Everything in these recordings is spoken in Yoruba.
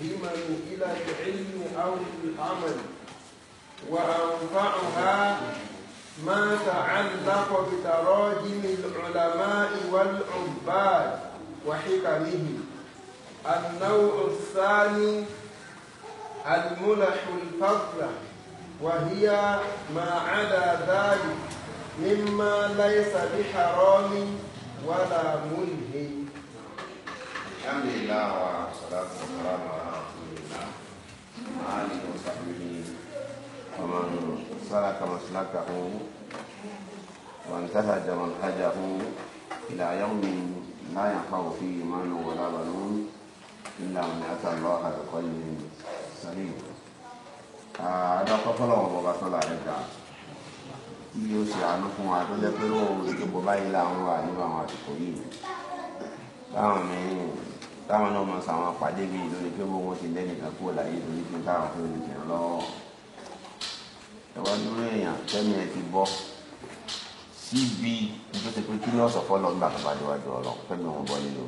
همم إلى العلم أو العمل وأنفعها ما تعلق بتراجم العلماء والعباد وحكمهم النوع الثاني الملح الفضلة وهي ما عدا ذلك مما ليس بحرام ولا ملهم. الحمد لله والصلاة والسلام وآله وصحبه ومن سلك مسلكه وانتهج منهجه إلى يوم لا ينفع فيه مال ولا بنون إلا من أتى الله بقلب سليم هذا قفل وبطل رجع yóò ṣe àánú fún wa tó jẹ́ pé ó ń gbogbo báyìí láwọn wà nínú àwọn àsìkò yìí láwọn mìíràn táwọn náà máa sàwọn pàdé mi lórí pé bó wọn ti lẹ́nìkan kúrò láyé lórí pé káwọn fún mi jẹun lọ́wọ́ ẹ̀wá dúró èèyàn tẹ́mi ẹ ti bọ́ síbi tó ti pé kí ni ọ̀sọ̀ fọ́ lọ́gbà tó bá déwájú ọ̀rọ̀ fẹ́mi wọn bọ́ nínú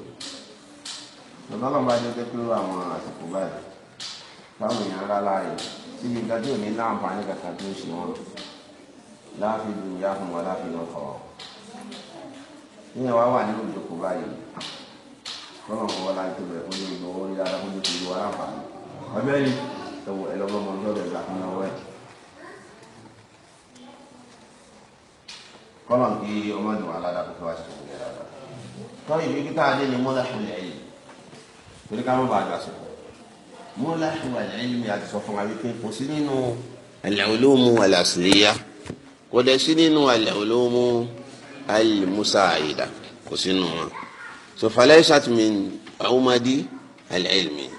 rẹ̀ lọ́gbà lọ́gbà jẹ́ pé pé àwọn àsìkò báyìí báwọn èèyàn rárá láàyè síbi nǹkan tí ò láǹfààní kankan tó ṣe wọn láàfin ìyá fún wọn láàfin ọkọ̀ kọ́nà kọ́ wọ́n láti bẹ̀rẹ̀ kó ní ìgbà owó yára kó ní ìlú wàrà fà ní. ọbẹ̀ yìí ẹ̀wọ̀ ẹlọ́gbọ́mọ lọ́dọ̀ ẹ̀gbà kan náà wẹ̀. kọ́nà kí ọmọ ìdùnnú aládàá kó fi wá ṣe ìwé dáadáa. tọ́ ìwé kíkà adé ni mọ́lá ìwé ẹ̀yìn torí ká má bàa gbà sọ. mọ́lá ìwé ẹ̀yìn mi àti sọ fún wa wípé kò sí nínú al-ulumu al kò dẹ̀ sí nínú al-ulumu al-musa'ida kò sínú wọn so falaysat min umadi al-ilmi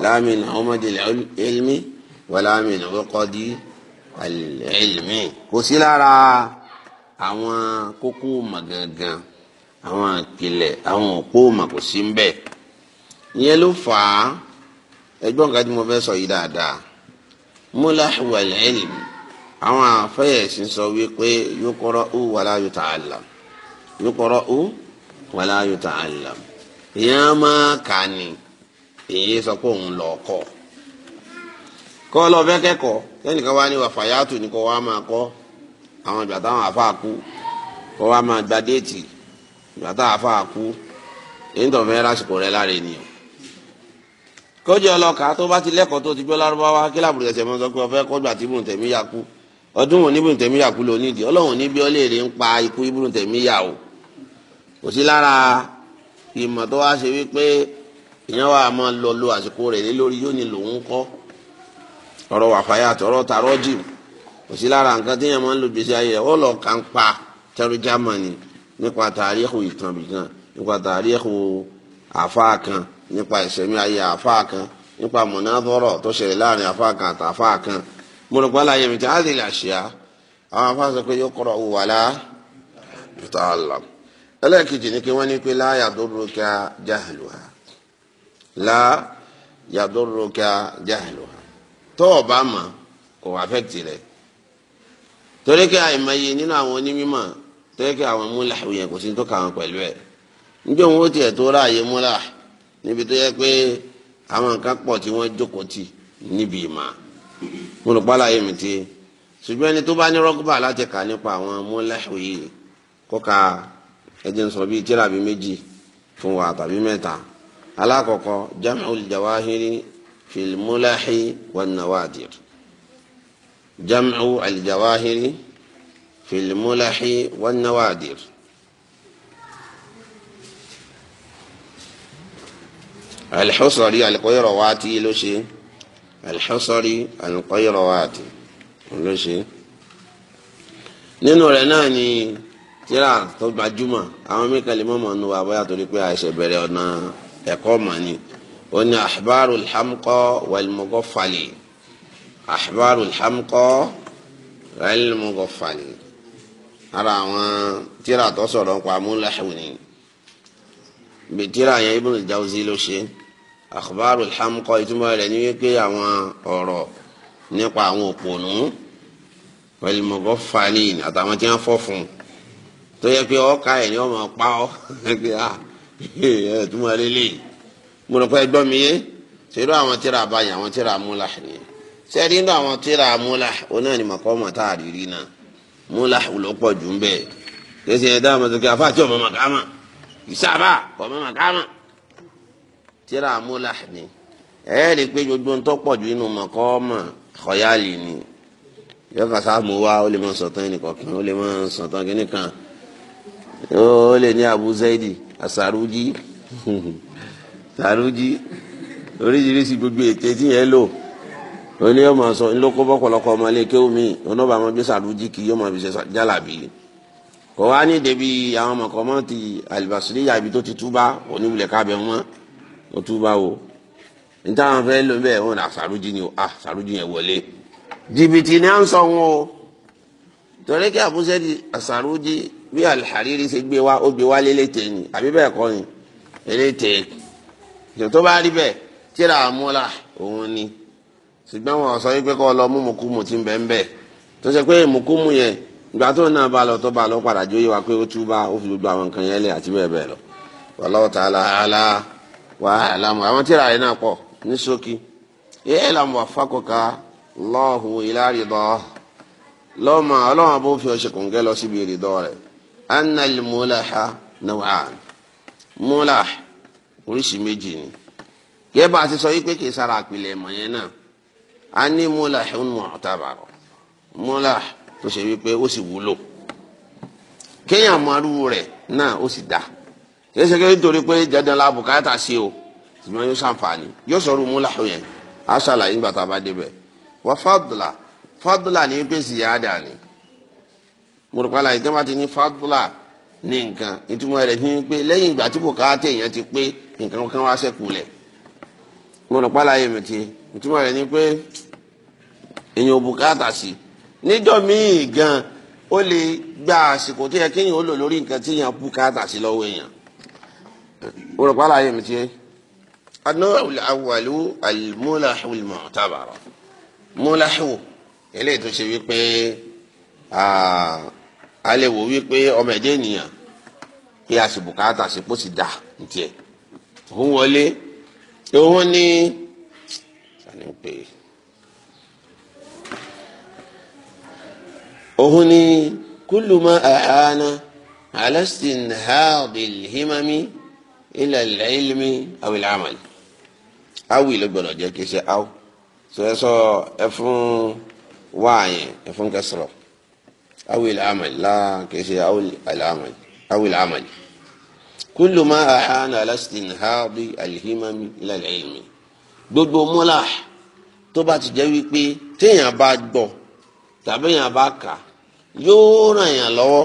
la min umadi al-ilmi wala min uqadi al-ilmi kò sí lára àwọn kókó mà gangan àwọn àpilẹ̀ àwọn òpó mà kò sí mbẹ ìyẹn ló fà á ẹgbọ́n nǹkan tí mo fẹ́ sọ yìí dáadáa mulahu al-ilmi àwọn àfẹ́yẹ̀sìn sọ wípé yuqra'u wala yuta'allam yuqra'u wàlá yuta alam ìyẹn máa kà ní èyí sọ pé òun lọ kọ kọ́ lọ fẹ́ kẹ́kọ̀ọ́ lẹ́nìkan wá ní wàfàyàtù ní kó wá máa kọ́ àwọn ìgbà táwọn àfa kú kó wá máa gba déètì ìgbà táwọn àfa kú èyí tó fẹ́ lásìkò rẹ láre nìyẹn kọjú ọlọ́ka tó bá ti lẹ́kọ̀ọ́ tó ti gbọ́ lárúbáwá kí láàbùrù ẹsẹ̀ mọ́ sọ pé ọfẹ́ kọjú àti ibùn tẹ̀mí yà kú ọdún òní ibùn tẹ̀mí yà kú lónídìí ọlọ́run bí ọlẹ́ẹ̀rẹ́ ń pa ikú ibùn tẹ̀mí yà o kò sí lára ìmọ̀ tó wá ṣe wípé ìyẹn wà máa lọ lo àsìkò rẹ̀ lé lórí yóò ní lòun kọ́ ọ̀rọ̀ wàfàyà àtọ̀rọ̀ tarọ́ jì kò sí lára nǹkan tí yẹn máa ń lo gbèsè ayé rẹ̀ ó lọ kà ń pa tẹ́rù jámánì nípa tàríkù ìtàn bìkan nípa tàríkù àfáà kan nípa ìṣẹ̀mí ayé àfáà kan nípa mọ̀nàdọ́rọ̀ tó ṣẹlẹ̀ láàrin àfáà kan àtàfáà kan mo rò pé aláyẹ̀mí tí á lè làṣìá àwọn afáà sọ pé yóò kọ́rọ̀ wù ẹlẹ́ẹ̀kejì ni kí wọ́n ní pé láyà dórókà jáhìlúhà láyà dórókà jáhìlúhà tó o bá mọ̀ kò affect rẹ̀ torí kí àìmọye nínú àwọn onímọ̀ torí kí àwọn múlá yẹn kò sí tó kà pẹ̀lú ẹ̀ wọn ó tiẹ̀ tó níbi tó yẹ pé àwọn nǹkan pọ̀ tí wọ́n jókòó tì níbi ẹ jẹ́ n sọ bíi tíra bíi méjì fún wa tàbí mẹ́ta alákọ̀ọ́kọ́ jam'ul jawahiri fil mulahi wan nawadir jam'ul jawahiri fil mulahi wan nawadir. alḥusari alqayrawati ló ṣe alḥusari alqayrawati ló ṣe tíra tó gbajúmọ̀ àwọn mẹ́kà lè mọ̀mọ́ nu àbáyá torí pé àìṣe bẹ̀rẹ̀ ọ̀nà ẹ̀kọ́ mọ̀ ni ó ní ahbaru alhamqa walmughafali ahbaru alhamqa walmughafali ara àwọn tíra tó sọ̀rọ̀ nípa múlẹ̀hùn ni bí tíra yẹn Ibn al-Jawzi ló ṣe akhbaru alhamqa ìtumọ̀ rẹ̀ ní wípé àwọn ọ̀rọ̀ nípa àwọn òpònú walmughafalin àtàwọn tí wọ́n fọ́ fún un tó yẹ pé ọkà ẹ̀ ni ọmọ pa ọ́ ẹgbẹ́ a ah, ẹ̀ túmọ̀ lélẹ̀ mo rò pé ẹ gbọ́ mi yé ṣèlú àwọn tíra àbáyé àwọn tíra múlá nìyẹn sẹ́ẹ̀dí nínú àwọn tíra múlá oní ẹni mọ̀kọ́ mọ̀ tá a rí rí náà múlá ló pọ̀ jù ń bẹ̀ kẹsì ẹ̀ dáhùn mọ̀tò kí afá tí ọmọ màkàmà ìsábà ọmọ màkàmà tíra múlá ni ẹ̀ rí pé gbogbo ń tọ́pọ̀ jù nínú mọ̀kọ́ mọ̀ kọ́yálì ni yọkàn sáà wa ó lè mọ̀ sọ̀tàn ẹnì kọ̀ọ̀kan ó lè mọ̀ sọ̀tàn kìnnìkan ó le ni Abu Zaidi asaruji saruji oríṣiríṣi gbogbo ète tí yẹn lò oní ọmọ sọ ńlọkọ bọkọlọkọ ọmọ ilé kéwù mi ọlọba ọmọ bí saruji kì í ọmọ bí jálàbí kò wá ní débi àwọn ọmọ kan mọ ti alibasiriya ibi tó ti túbá oníwulẹ̀ kábẹ̀ mọ́ ó túbá o níta àwọn lò bẹ́ẹ̀ wọn àsaruji ah, ni o ah saruji yẹn wọlé jìbìtì ni à ń sọ wọn o torí kí Abu Zaidi asaruji. bí alhariri ṣe gbé wa ó wa wá lélété ni àbí bẹ́ẹ̀ kọ́ ni lélété tó bá rí bẹ́ẹ̀ tíra àmúlà òun ni ṣùgbọ́n wọn sọ wípé kọ́ lọ mú ti ń bẹ́ẹ̀ ń bẹ́ẹ̀ tó ṣe pé mukumu yẹn ìgbà tó náà bá lọ tó bá lọ padà wa pé ó tú bá ó fi gbogbo àwọn nǹkan yẹn àti bẹ́ẹ̀ bẹ́ẹ̀ ala àwọn tíra ila bó أن الملح نوعان ملح oríṣi méjì ni yẹ bá ti sọ yìí pé kì í sára àpilẹ̀ yẹn náà a ní mulah mu'tabar mulah tó ṣe wípé ó sì wúlò kéèyàn mọ arúgbó rẹ̀ náà ó sì dá pé dandan la bùkátà sí o ṣùgbọ́n yóò ṣàǹfààní yóò sọ̀rọ̀ mulah yẹn a ṣàlàyé nígbà tá a bá débẹ̀ wà fadla fadla ní pé ni. mùrùpàlà ìjọba ti ní fàdúlà ní nǹkan ìtumọ̀ rẹ̀ ti ní pé lẹ́yìn ìgbà tí bùkátà èèyàn ti pé nǹkan kan wá sẹ́kù lẹ̀ mùrùpàlà yẹn mìtì ìtumọ̀ rẹ̀ ni pé èèyàn ò bùkátà sí níjọ́ míì gan ó lè gba àsìkò tó yẹ kéèyàn ó lò lórí nǹkan tí èèyàn bùkátà sí lọ́wọ́ èèyàn mùrùpàlà yẹn mìtì النوع الأول الملح المعتبر ملح إليه تشبيك a lè wò wípé ọmọ ẹ̀dẹ́ ènìyàn kí a sì bùkátà sí kó sì dà ní tiẹ̀ òun wọlé òun ní sani ń pè òun ní kullu ma aana ala istinhadil himami ila al-ilmi aw al-amal awi ló ṣe aw sọ ẹ sọ ẹ fún wáàyè ẹ fún kẹsìrọ̀. أو العمل لا كيسي أو العمل أو العمل كل ما أحان على استنهاض الهمم إلى العلم gbogbo mọ́làh tó bá ti jẹ́ wípé téèyàn bá gbọ́ tàbí èèyàn bá kà yóò ràn yàn lọ́wọ́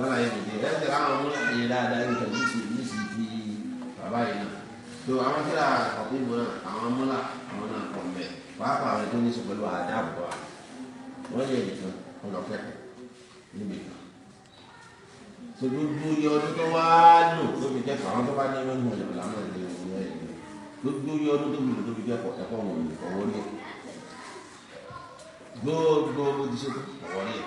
wọn náà yẹ dìde ẹ tẹ̀lé àwọn ọmọ náà yẹ dáadáa yóò tẹ̀lé sí ní sì fi bàbá yìí náà tó àwọn kíra ọ̀pọ̀ ìbò náà àwọn múlá àwọn náà pọ̀ mẹ́ pàápàá àwọn tó ní sọ pẹ̀lú àdáàbò wa wọ́n yẹ nìkan ọlọ́kẹ́kọ̀ọ́ níbi kan tó gbogbo iye ọdún tó wá lò tó fi kẹ́kọ̀ọ́ àwọn tó bá ní ẹgbẹ́ mọ̀ lẹ́wọ̀n láwọn ilé ìwé ẹ̀ gbogbo iye ọdún tó lò tó fi kẹ́kọ̀ọ́ ẹ̀kọ́ wọn ò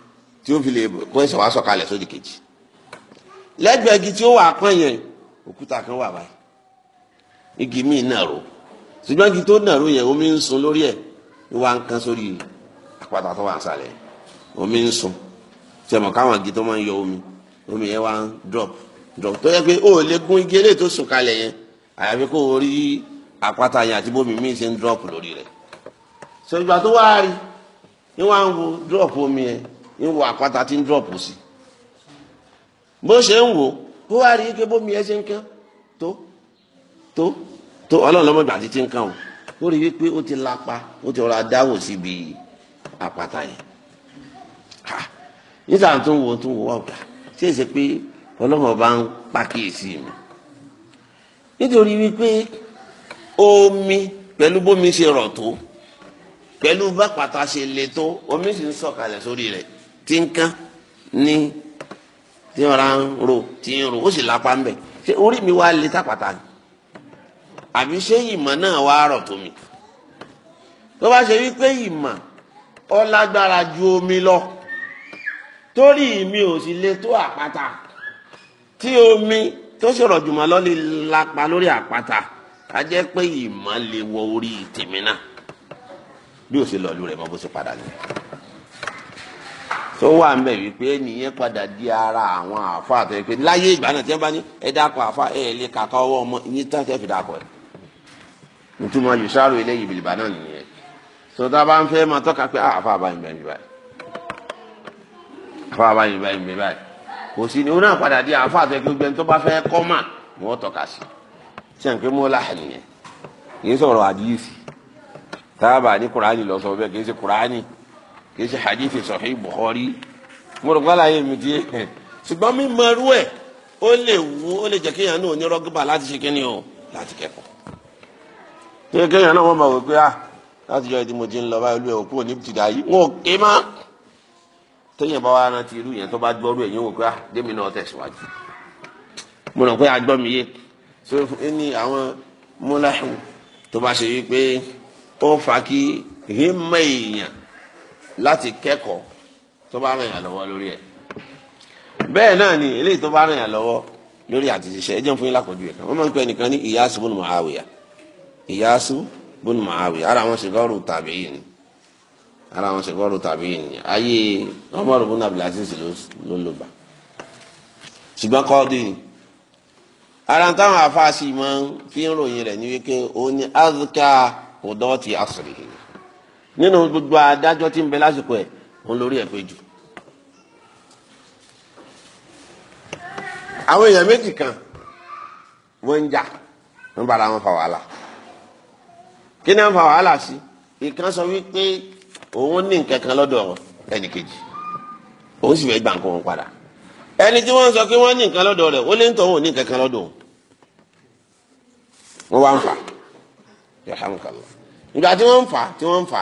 tí ó fi lè kó ẹsẹ̀ wá sọ̀kalẹ̀ sódì kejì lẹ́gbẹ̀ẹ́ igi tí ó wà pọ́n yẹn òkúta kan wà báyìí igi míì nàró ṣùgbọ́n igi tó nàró yẹn omi ń sun lórí ẹ̀ ló wá ń kán sórí àpáta tó wà ń sàlẹ̀ omi ń sun tí ẹ káwọn igi tó máa ń yọ omi omi yẹn wá ń drop drop tó yẹ pé ó lè gún igi eléyìí tó sùn kalẹ̀ yẹn àyàfi kó o rí àpáta yẹn àti bómi míì ṣe ń drop lórí rẹ̀ ṣùgbọ́n tó wá rí ni wọ́n á wo drop omi yẹn ń wo àpáta tí ń dọ̀pù sí bó ṣe ń wò ó wá rí ike bómi ẹ ṣe ń kán tó tó tó ọlọ́run lọ́mọ ìgbà títí ń kàn ó ó rí wípé ó ti lapa ó ti rọra dáwò síbi àpáta yẹn níta tó ń wo tó ń wo wà wùdà ṣé èsè pé ọlọ́run ọba ń pàkíyèsí mi nítorí wípé omi pẹ̀lú bómi ṣe rọ̀ tó pẹ̀lú bá ṣe le tó omi sì ń sọ̀kalẹ̀ sórí rẹ̀ tí ń kán ní tí ọ̀rá ń ro tí ń ro ó sì lápá ń bẹ̀ ṣé orí mi wá lé tàpátá ni àbí ṣé ìmọ̀ náà wá rọ̀ tó mi tó bá ṣe wípé ìmọ̀ ọ lágbára ju omi lọ torí mi ò sì lè tó àpáta tí omi tó ṣòro jùmọ̀ lọ lè lapa lórí àpáta a jẹ́ pé ìmọ̀ lè wọ orí tèmi náà bí ó ṣe lọ́ọ́ lù rẹ̀ mọ́ bó ṣe padà nìyẹn. tó wà ń bẹ̀ wípé nìyẹn padà di ara àwọn àfa àti ẹgbẹ́ láyé ìgbà náà tí wọ́n bá ní ẹ dákọ̀ àfa ẹ lè kàkọ́ ọwọ́ ọmọ yín tán tẹ́ dákọ̀ ẹ̀ nítumọ̀ yòṣàrò eléyìí bìlìbà náà nìyẹn sọta bá ń fẹ́ tọ́ka pé ah, àfa àbáyé bẹ́ẹ̀ báyìí àfa báyìí kò sí ni ó náà padà di àfa àti ẹgbẹ́ tó bá kì í ṣe hadith sahih Bukhari mo rò gbọ́dọ̀ ayé mi di ṣùgbọ́n mi mọ irú ẹ̀ ó lè wú ó lè jẹ́ kéèyàn náà onírọ́gbà láti ṣe kíni o láti kẹ́kọ̀ọ́ tí kéèyàn náà wọ́n máa wò pé ah láti yọ ìdí mo ti ń lọ báyìí olú ẹ̀ òkú òní ti dà yìí wọn ò ké má téèyàn bá wá rántí irú yẹn tó bá gbọ́ irú ẹ̀yìn wò pé ah démi náà tẹ̀síwájú mo rò pé agbọ́ mi yé so ní àwọn láti kẹ́kọ̀ọ́ tó bá ràn yàn lọ́wọ́ lórí ẹ̀ bẹ́ẹ̀ náà ni eléyìí tó bá ràn yàn lọ́wọ́ lórí àti ṣiṣẹ́ ẹ jẹun fún yín lákòójú ẹ kan wọ́n máa ń pè nìkan ní ìyáàsú bùnú màáwìyà ìyáàsú bùnú màáwìyà ara wọn ṣègọ́rù tàbí yìí ni ara wọn ṣègọ́rù tàbí yìí ni ayé ọmọrù bùnú abdulaziz ló ló gbà ṣùgbọ́n kọ́ọ́dù ni ara táwọn afáàṣì máa ń fi ń ròyìn rẹ̀ ní wípé òun ni azka ọ̀dọ́ ti asùrì yìí nínú gbogbo adájọ́ tí ń bẹ lásìkò ẹ̀ òun lórí ẹ̀ pé àwọn èèyàn méjì kan wọ́n ń jà wọ́n bára wọn fa wàhálà kí ni wọ́n fa wàhálà sí ìkan sọ wípé òun ní nǹkan kan lọ́dọ̀ ẹnì kejì òun sì fẹ́ gbà nǹkan wọn padà ẹni tí wọ́n sọ pé wọ́n ní nǹkan lọ́dọ̀ rẹ̀ ó lé ń tọ́ òun ní nǹkan kan lọ́dọ̀ òun wọ́n wá ń fà yàrá nǹkan lọ ìgbà tí wọ́n ń fà tí wọ́n ń fà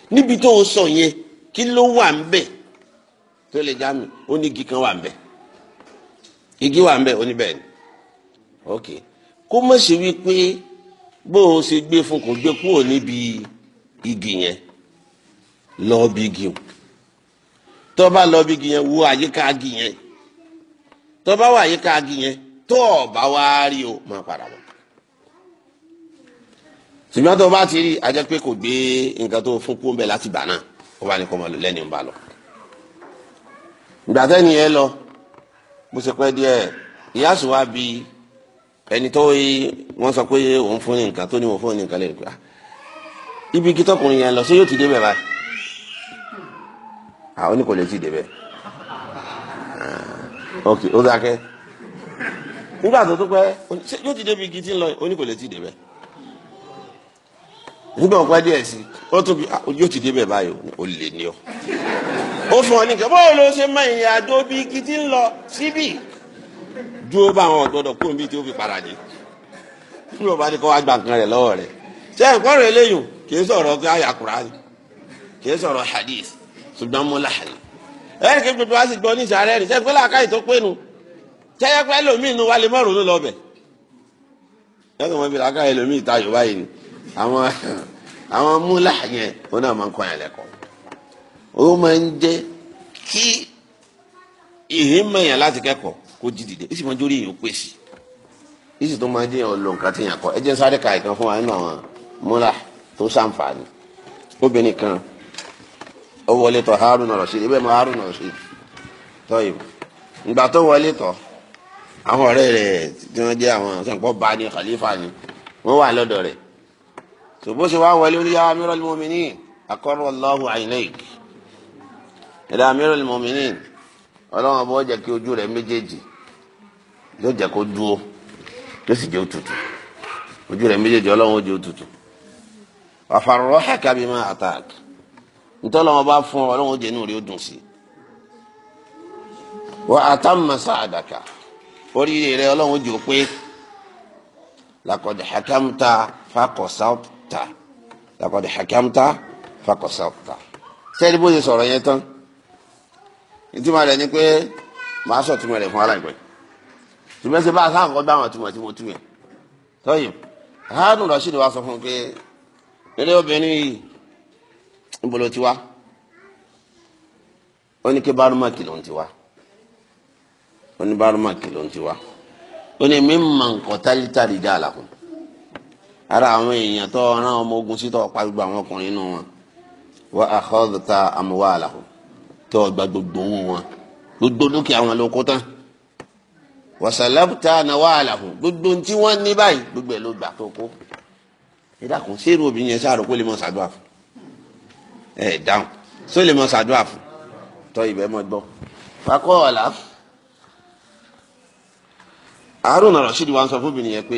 níbi tó ń sọ yẹn kí ló wà ń bẹ tó lè já ó ní igi kan wà ń bẹ igi wà ń bẹ ó ní bẹ́ẹ̀ ni ok kó má ṣe wípé bó o ṣe gbé fún kò gbé kúrò níbi igi yẹn lọ bí igi o tó bá lọ bí igi yẹn wo àyíká igi yẹn tó bá wà àyíká igi yẹn tó o bá wá rí o máa padà wá ṣùgbọ́n tó o bá ti rí ajẹ́ pé kò gbé nǹkan tó fún kúńbẹ̀ láti bà náà ó bá ní kó máa lò lẹ́ni ń bá lọ. ìgbà tẹ́ni ẹ lọ bó ṣe pẹ́ díẹ̀ ìyá sùn wá bi ẹni tó wọ́n sọ pé òun fún ní nǹkan tó ní òun fún ní nǹkan lè rí ah, ibi kí tọkùnrin yẹn lọ ṣé yóò ti débẹ̀ báyìí àwọn ah, ní lè ti débẹ̀ ah, ok ó dákẹ́ nígbà tó tó pẹ́ yóò ti débi igi tí ń lọ oníkò lè ti débẹ̀ nígbà wọn pẹ́ díẹ̀ sí ó tún bí ah, yóò ti débẹ̀ báyìí ó lè ní ọ. ó fún ọ ní kí báwo ló ṣe máa ìyá àjò bí igi tí ń lọ síbì dúró bá àwọn ọ̀gbọ́dọ̀ kúrò níbi tí ó fi para dé kí ló bá ní kó wá gba nǹkan rẹ̀ lọ́wọ́ rẹ̀ ṣé ẹ̀kọ́ rẹ̀ léyìn kì í sọ̀rọ̀ pé àyà Kùránì kì í sọ̀rọ̀ hadith ṣùgbọ́n mo láàyè ẹ̀rì kí gbogbo wa sì gbọ́ ní ìsàrẹ́ rẹ̀ sẹ́yìn àwọn àwọn múlá yẹn òun náà máa ń kọ́ yẹn lẹ́kọ̀ọ́ ó máa ń jẹ́ kí ìhín mẹ́yàn láti kẹ́kọ̀ọ́ kó jí dìde ó sì máa ń jórí èèyàn pèsè ó sì tó máa ń jẹ́ èèyàn lọ nǹkan tí èèyàn kọ́ ẹ jẹ́ sáré ka ìkan fún wa nínú àwọn múlá tó ṣàǹfààní obìnrin kan ó wọlé tọ̀ Haruna Rashid ibẹ̀ mọ Haruna Rashid tọ́ ìbò ìgbà tó wọlé tọ̀ àwọn ọ̀rẹ́ rẹ̀ tí wọ́n jẹ́ àwọn sọ̀nkọ́ bá ní khalifa ni wọ́n wà lọ́dọ̀ rẹ̀ ṣùgbọ́n ṣe wá wọlé ó ní yá amiral mu'minin akọ́rọ̀ Allahu ainek ẹ̀dá amiral mu'minin ọlọ́run ọba ọjà kí ojú rẹ̀ méjèèjì yóò jẹ́ kó dúó yóò sì jẹ́ òtútù ojú rẹ̀ méjèèjì ọlọ́run ó jẹ́ òtútù àfàrọ̀ hẹ́kàbí máa attack ntọ́lọ́wọ́n bá fún ọ ọlọ́run ó jẹ́ inú rẹ̀ ó dùn sí wa atamma sa'adaka oríire rẹ̀ ọlọ́run ó jẹ́ òpé laqad hakamta faqasat. hakamta hakamta fakọ̀sọ̀ta sẹ́ni bó ṣe sọ̀rọ̀ yẹn ni fún a sáà kọ́ dáhùn túmọ̀ tí mo túmọ̀ tọ́yìn hánù rashid wa sọ fún un pé eré obìnrin yìí ìbòlò ti wá ó ní kí bárúmà ti wa ó ní bárúmà kìlọ̀ ń ti wá ó ní mímọ̀ nǹkan ara àwọn èèyàn tó rán ọmọ ogun sí tó pa gbogbo àwọn ọkùnrin nù wọn wa akhadhta amwalahum tó gba gbogbo owó wọn gbogbo dúkìá wọn ló kó tán wasalabta nawalahum gbogbo tí wọ́n ní báyìí gbogbo ẹ̀ ló gbà tó kó ìdàkùn sí irú obìnrin yẹn sáàrò kó lè mọ ṣàdúrà fún ẹ dáhùn só lè mọ ṣàdúrà fún tọ ìbẹ́ mọ gbọ́ fakọ́ ọ̀la Haruna Rashid wa ń sọ fún obìnrin yẹn pé.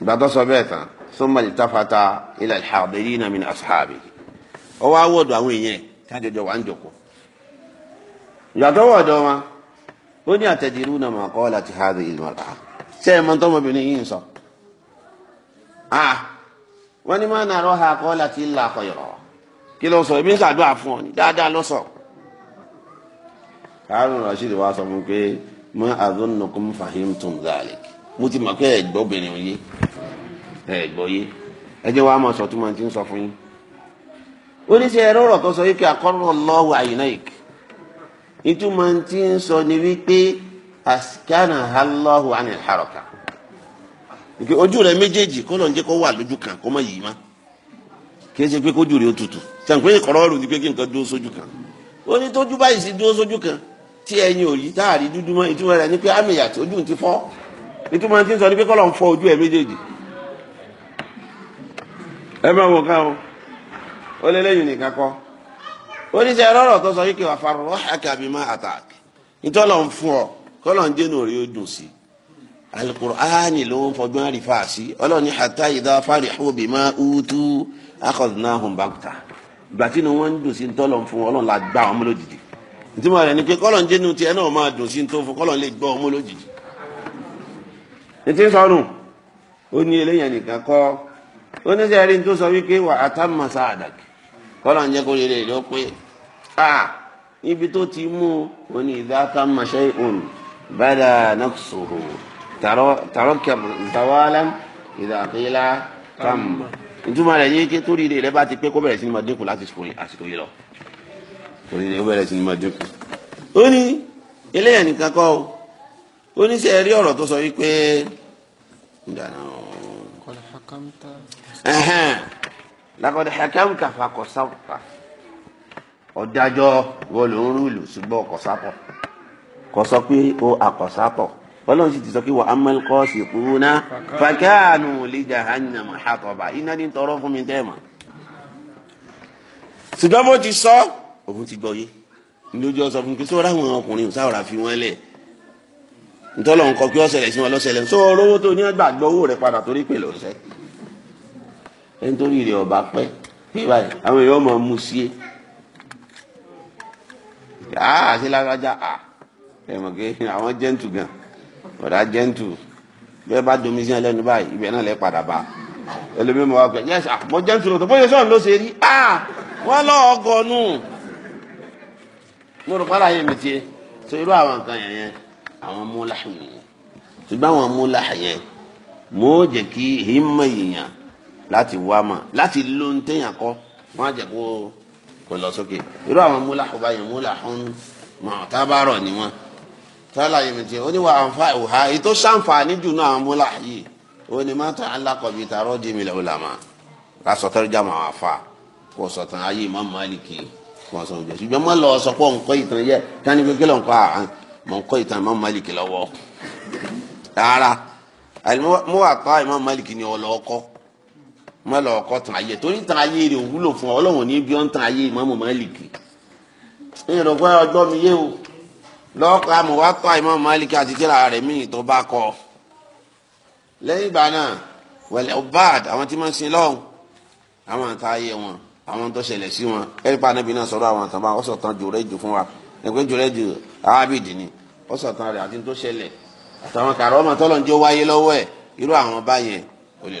ìgbà tó sọ bẹ́ẹ̀ tán summa iltafata ila al-hadirina min ashabi ó wá wọ̀dọ̀ àwọn èèyàn tájọjọ wà ń jòkó ìgbà tó wọ̀dọ̀ wọn ma qalat hadhihi mara ṣe é mọ́tọ́ ọmọbìnrin yìí ń sọ wọ́n ní ma naraha qalat illa khayra kí ló sọ ẹ gbọ́ yé ẹ sọ tí mo ti ń sọ fún yín kan sọ yìí kí akọ́rọ̀ lọ́wọ́ àyìnà ìtumọ̀ tí ń sọ ni wípé àsìkánà aláhùn àni ìhàrọ̀kà ojú rẹ méjèèjì kó lọ́n jẹ́ kó kan kó má yìí má ṣe pé kójú rẹ ó tutù kan ó ní tójú báyìí sí kan tí ẹyin ò yí táàrí dúdú mọ́ ìtumọ̀ rẹ ni pé àmì ojú ti fọ́ ìtumọ̀ ń sọ ẹ máa wò ka o ó lé lẹ́yìn nìkan ike ó ní sẹ́ rọ́rọ̀ tó sọ yìí kí wà fa rọ́ àkàbí má ń fún ọ kọ́lọ̀ ń dénú rí ó dùn sí alukur'ani ló ń fọgbọ́n àrífà sí ọlọ́ọ̀ni hatta idha farihu utu la ọmọ lójijì rẹ̀ ni pé tiẹ̀ náà máa dùn sí fún lè ọmọ lójijì sọnù oníṣẹ́ rí tó sọ wípé wà á tá mọ̀ sáàdàkì kọ́lọ̀ ń jẹ́ kó lè lọ pé a ibi tó ti mú o ní ìdá tá mọ̀ ṣe òun bàdà náà sòrò tàrọ kẹwàálà ìdá àkílá tá mọ̀ ìtumọ̀ rẹ̀ yé ké torí rẹ̀ bá ti pé kó bẹ̀rẹ̀ sí ni máa dínkù láti sùn àsìkò yìí lọ torí rẹ̀ kó bẹ̀rẹ̀ sí ni máa dínkù. ó ní eléyà nìkan kọ́ ó ní sẹ́ẹ̀rí ọ̀rọ̀ tó sọ wípé. lákọ̀dé hakamta fakọ̀sápà ọ̀dájọ́ wọn ló ń rúlù ṣùgbọ́n ọ̀kọ̀sápọ̀ kò sọ pé ó sì ti sọ pé wà á mọ́lẹ́kọ́ sí kúrúná fàkàánù iná ní tọrọ fún mi ṣùgbọ́n ti sọ òun ti gbọ́ yé lójú ọsọ fún mi pé sọ́ra àwọn ọkùnrin ò sáwọ́ra fi wọ́n lẹ̀ ntọ́lọ́ nǹkan ẹni tó rí rẹ ọba pẹ́ pé báyìí àwọn èèyàn máa mú sí é àá àti lágbájá à ẹ mọ̀ pé àwọn jẹ́ǹtù gan ọ̀dà jẹ́ǹtù bẹ́ẹ̀ bá domi sí ẹlẹ́nu báyìí ibẹ̀ náà lẹ́ padà bá ẹlẹ́mi mọ̀ wá pé yẹ́s àmọ́ ah, jẹ́ǹtù lọ́tọ̀ bóyá sọ̀rọ̀ ló ṣe rí wọ́n lọ́ ọgọ́ nù mo rò pàdà yé mi tiẹ̀ tó irú àwọn nǹkan yẹn yẹn àwọn múláhì yẹn ṣùgbọ́n àwọn múláhì yẹn mo jẹ́ kí hímọ̀ yìnyín láti wá mà láti ló ń téèyàn kọ́ wọ́n á jẹ́ kó kó lọ sókè irú àwọn múlá ọba yẹn múlá ọ̀hún mọ̀ tá a bá rọ̀ ni wọ́n tọ́lá yìí ti ó ní wà ànfà ìhà èyí tó ṣàǹfààní jù náà àwọn múlá yìí ó ní má tán alákọ̀bí tààrọ̀ di mi lọ́wọ́ làmà ká sọtọ́rọ́ jà máa fà kó sọtàn ayé má máàlìkì kó sọ òjò ṣùgbọ́n má lọ sọ pé òǹkọ́ ìtàn yẹ kání pé kílọ̀ nǹkan àhán mọ̀ òǹkọ́ ìtàn má máàlìkì lọ́wọ́ rárá àlùmọ́wà pa ìmọ̀ máàlìkì ni ọ̀lọ́kọ́ má lọ ọkọ tàn ayé torí tàn ayé rẹ òwúlò fún ọ Ọlọ́run ní bí ọ ń tàn ayé Ìmáàmù Málìkì ẹ̀yìn rẹ̀ gbọ́ ọjọ́ mi yé o lọ́ọ̀kọ́ àmọ̀ wá tọ́ Ìmáàmù Málìkì àti tíra rẹ̀ míì tó bá kọ. lẹ́yìn ìgbà náà wẹ̀lẹ̀ ọ̀bàd àwọn tí wọ́n ń sin lọ́hùn àwọn àtà ayé wọn àwọn tó ṣẹlẹ̀ sí wọn ẹ̀rí pa anábì náà sọ̀rọ̀ àwọn àtàwọn ọ̀sọ̀ tán jòrèjò fún wa ẹ̀pẹ́ jòrèjò ábìdì ni ọ̀sọ̀ tán rẹ̀ àti tó ṣẹlẹ̀ àtàwọn kàrọ́ọ̀mọ̀ tọ́lọ́ ń wáyé lọ́wọ́ ẹ̀ irú àwọn báyẹn ò lè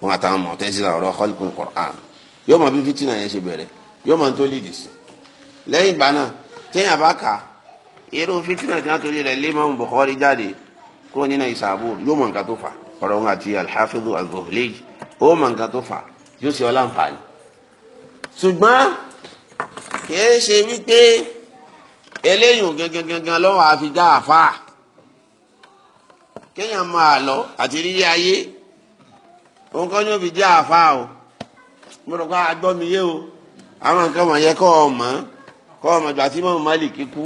wọn àtàwọn mọ̀tẹ́sílà ọ̀rọ̀ khalqul Qur'an yóò mọ bí fitina yẹn ṣe bẹ̀rẹ̀ yóò mọ tó lìdì sí lẹ́yìn ìgbà náà téèyàn bá kà irú fitina tí wọn torí rẹ̀ lẹ́mọ̀ọ́mù Bukhari jáde kúrò nínú ìsàbù yóò mọ nǹkan tó fà ọ̀rọ̀ wọn àti al-Hafizu az ó mọ nǹkan tó fà yóò ṣe ọlá nǹfààní. ṣùgbọ́n kìí ṣe wípé eléyìí gangan lọ́wọ́ àfi dá àfà kéèyàn máa lọ àti rírí ayé òun kọ́ ni ó fi jẹ́ àfa o mo rò pé agbọ́ mi yé o àwọn nǹkan wọ̀nyẹn yẹ kọ́ ọ mọ̀ kọ́ ọmọ ìgbà tí mọ̀ Malik kú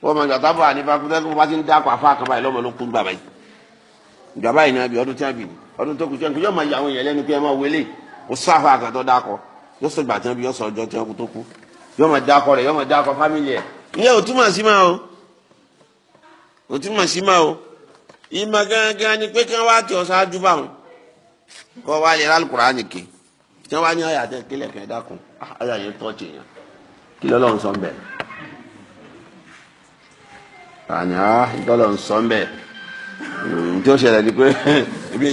kọ́ ọmọ ìgbà tábọ̀ ànífà kú tẹ́lẹ̀ kó bá ti ń dákọ̀ àfa kan báyìí lọ́mọ ló kú gbà báyìí ìgbà báyìí náà bí ọdún tí a bì ọdún tó kù tí a kù yóò máa yọ àwọn èèyàn lẹ́nu pé ẹ máa wọlé o sọ àfa kan tó dákọ̀ yóò sọ ìgbà tí wọn ni pé kí wọ́n kọwaa wá lè rálùkùrá nìke tí wọ́n wá ní ọ̀yà tẹ́ kílẹ̀ kẹ́ dákun ọ̀yà ah, yẹn yẹn kí ń sọ ànyà ah, ń sọ hmm, tí ó ṣẹlẹ̀ ni pé ebi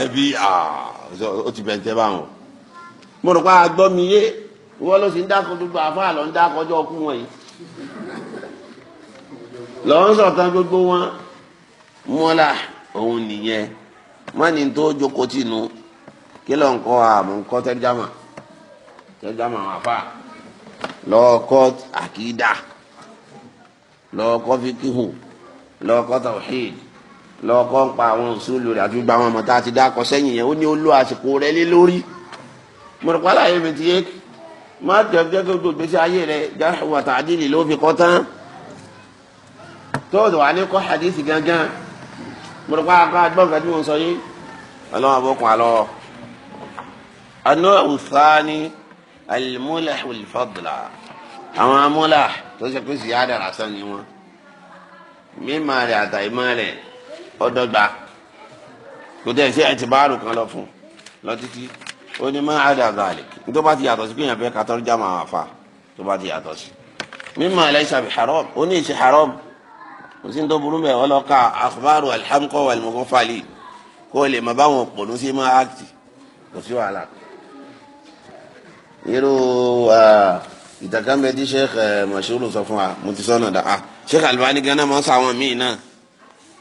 ẹbí ah, ti bẹ̀ntẹ́ báwọn. mo rò pé mi yé wọ́n ló sì ń gbogbo ń ọjọ́ sọ̀tàn gbogbo wọn má ní tó jókòó tì nù kí ló ń kọ́ àmú kọ́ tẹ́jámà tẹ́jámà wà fà lọ́ọ́ kọ́ àkídà lọ́ọ́ kọ́ tawhid lọ́ọ́ ń pa àwọn òṣùlù rẹ̀ àti gbogbo àwọn ọmọ tá a ti dá akọ sẹ́yìn yẹn ó ní ó lo àsìkò rẹ̀ lé lórí mọ̀rọ̀pá láyé mi ti yé má jẹ́ kí gbogbo ìgbésí ayé rẹ̀ jáwé wàtà àdìlì ló fi kọ́ tán tóòdù wà ní kọ́ hadith gangan mo rò pé apá gbọ́n nǹkan tí mo sọ yìí ọlọ́run àbọ̀kùn àlọ́ anáwó sáni alimúlá olùfọ́dúnlá àwọn amúlá tó ṣe pé ziyada lásán ni wọn mímọ rẹ àtàìmọ rẹ ọdọgba kò tẹ̀ ṣe ẹtì báàrù kan lọ fún lọ títí ó ní máa àdà zalik tó bá ti yàtọ̀ sí kéèyàn fẹ́ katọ́rọ́ jámà àfa tó bá ti yàtọ̀ sí mímọ rẹ ṣàbí kò sí ní tó burú bẹ́ẹ̀ ọlọ́ka akhbaru alhamkọ alimọ̀kọ́fàlì kó lè má báwọn pònú sí máa áàkì kò sí wàhálà. irú ìtàkàmbẹ tí sheikh mashuru sọ fún wa mo ti sọnà dá a sheikh albani gánà máa ń sọ àwọn míì náà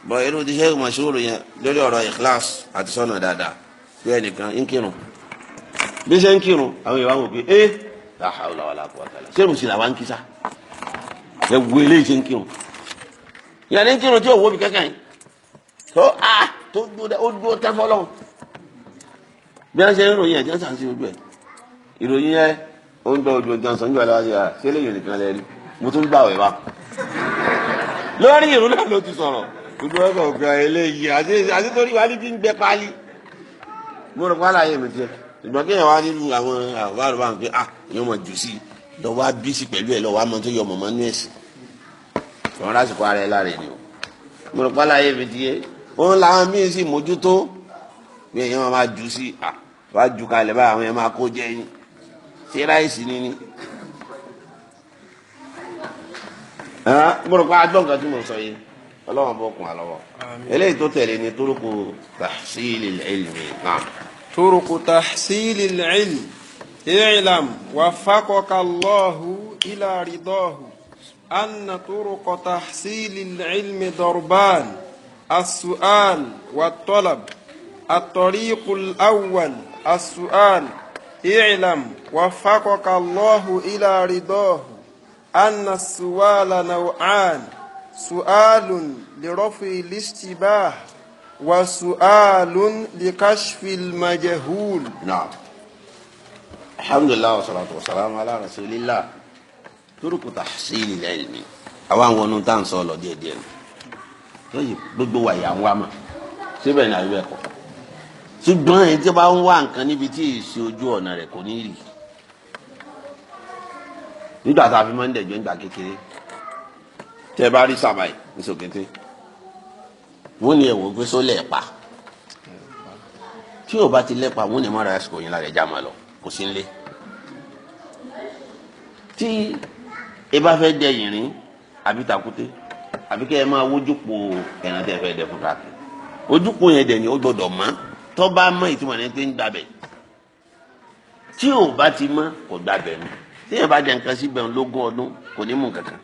bọ irú tí sheikh mashuru yẹn lórí ọ̀rọ̀ ikhlas àti sọnà dáadáa bí ẹnìkan ń kírun bí ṣe ń kírun àwọn ìwà wò pé ẹ láhàá ọlọ́wọ́ làkúwàkàlà làwọn ń kí sá ẹ wo eléyìí ṣe ń kírun yàrá ń kírun tí ò wo bí kankan yìí tó a ah, tó dúró tẹ́ fọ́lọ́hún bí wọ́n ṣe ń ròyìn ẹ̀jẹ̀ sàn sí ojú ẹ̀ ìròyìn yẹn ó ń gbọ́ ojú ojú ọ̀sán jù aláwọ̀ síra ṣé lè yòó nìkan lẹ́rí mo tún gbà wẹ̀ bá lórí ìrún náà ló ti sọ̀rọ̀ gbogbo ẹ̀kọ́ ọ̀gá eléyìí àti torí wa ní bí ń gbẹ pálí mo rò pálá yé mi tiẹ̀ ṣùgbọ́n kéèyàn wá nínú àwọn àwọn àrùbá nǹkan ah ìyọ́n mọ̀ jù sí lọ́wọ́ á bí sí pẹ̀lú ẹ̀ lọ́wọ́ á mọ tó yọ mọ̀mọ́ nú òun lásìkò ara ẹ láre ni o mo rò pálá yé mi díye òun làwọn míín sì mójútó bí èèyàn máa máa jù sí à wá jù kalẹ̀ báyìí àwọn yẹn máa kó jẹ yín ṣé ráìsì ni ni. mo rò pé adó nǹkan tí mo sọ yìí ọlọ́run bó kún wa eléyìí tó tẹ̀lé ni turuku tahsilil ilmi náà. turuku tahsilil ilmi i'lam waffaqaka Allahu ila أن طرق تحصيل العلم ضربان السؤال والطلب الطريق الأول السؤال اعلم وفقك الله إلى رضاه أن السؤال نوعان سؤال لرفع الاشتباه وسؤال لكشف المجهول نعم الحمد لله والصلاة والسلام على رسول الله turuku tahsili ilmi àwa àwọn ọ̀nà tá à ń sọ lọ díẹ̀ díẹ̀ lóyìn gbogbo wa ìyá ń wá mà síbẹ̀ ní àyùbẹ̀ kọ̀ ṣùgbọ́n ẹni tí ó bá ń wá nǹkan níbi tí èsì ojú ọ̀nà rẹ̀ kò ní rí nígbà tá a fi máa ń dẹ̀jọ́ nígbà kékeré tẹ́ bá rí sàbàì ní sòkété wọ́n ní ẹ̀wọ̀n gbé sólẹ̀ pa tí o bá ti lẹ́pa wọ́n ní mọ́ra ẹ̀sìkò yín lára ẹ̀já máa lọ kò sí ń lé ẹ bá fẹ́ jẹ yìnrín àbí tàkúté àbí kẹ́ ẹ máa wójúpo ẹran tẹ́ fẹ́ dẹ fún káàkiri ojúpo yẹn dẹ̀ ni ó gbọdọ̀ mọ́ tọ́ bá mọ́ ìtumọ̀ ní pé ń gbàbẹ̀ tí ò bá ti mọ́ kò gbàbẹ̀ nù tí yẹn bá jẹ nǹkan síbẹ̀ lógún ọdún kò ní mú kankan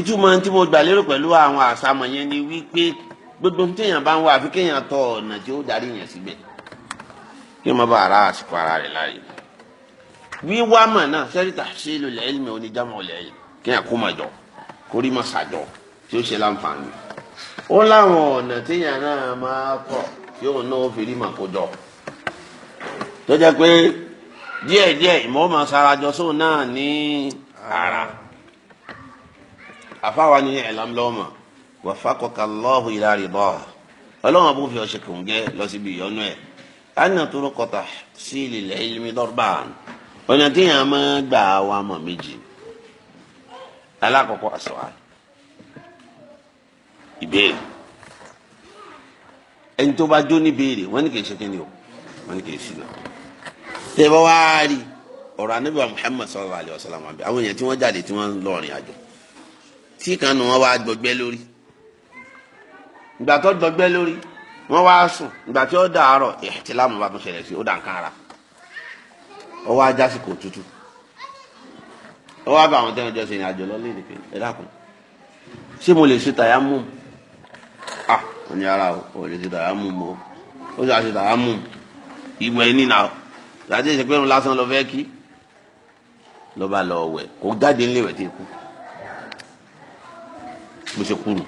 ìtumọ̀ tí mo gbà lérò pẹ̀lú àwọn àṣàmọ̀ yẹn ni wípé gbogbo téèyàn bá ń wá àfi kéèyàn tọ ọ̀nà tí ó darí yẹn síbẹ̀ kí wọ́n bá ara àsìkò ara rẹ̀ láàyè wíwá mà náà sẹ́rí tahsilul ilmi oní jam'ul ilmi kéèyàn kó mà jọ kórí mà sàjọ tí ó ṣe láǹfààní. ó láwọn ọ̀nà téèyàn náà máa kọ̀ tí òun náà fi rí mà kó jọ. tó jẹ́ pé díẹ̀díẹ̀ ìmọ̀ máa sarajọ sóun náà ní ara. àfáwa ni ẹ̀lám lọ́mọ wafaqaka Allahu ila ridah ọlọ́run àbúrò fi ọṣẹ kò gẹ́ lọ síbi ìyọnu ẹ̀ anna turuqata tahsilil ilmi darban ọ̀nà tí ma gbaa gbà ma mọ̀ méjì alákọ̀ọ́kọ́ àṣọwà ibere ẹni tó bá jó ní béèrè wọ́n ní kì í ṣe kíni o wọ́n ní kì í ṣìnà alayhi wa sallam àwọn èèyàn tí ti jáde tí wọ́n lọ rìn àjò tí kan nù wá gbọgbẹ́ lórí ìgbà tó lórí wá sùn tí ọwọ́ ajásìkò tútù ọwọ́ abẹ àwọn tẹ́wọ́n jọ ṣe ìrìn àjò lọ́lé ìdìpé ẹ dákun ṣé mo lè ṣe tàyámù ah wọ́n ní ara ò lè ṣe tàyámù mọ́ ó sì àṣe tàyámù ìwẹ̀ ní nà láti ṣe pé òun lásán lọ fẹ́ kí lọ́ba lọ wẹ̀ kó jáde nílé wẹ̀ tí ì kú bó ṣe kú nù.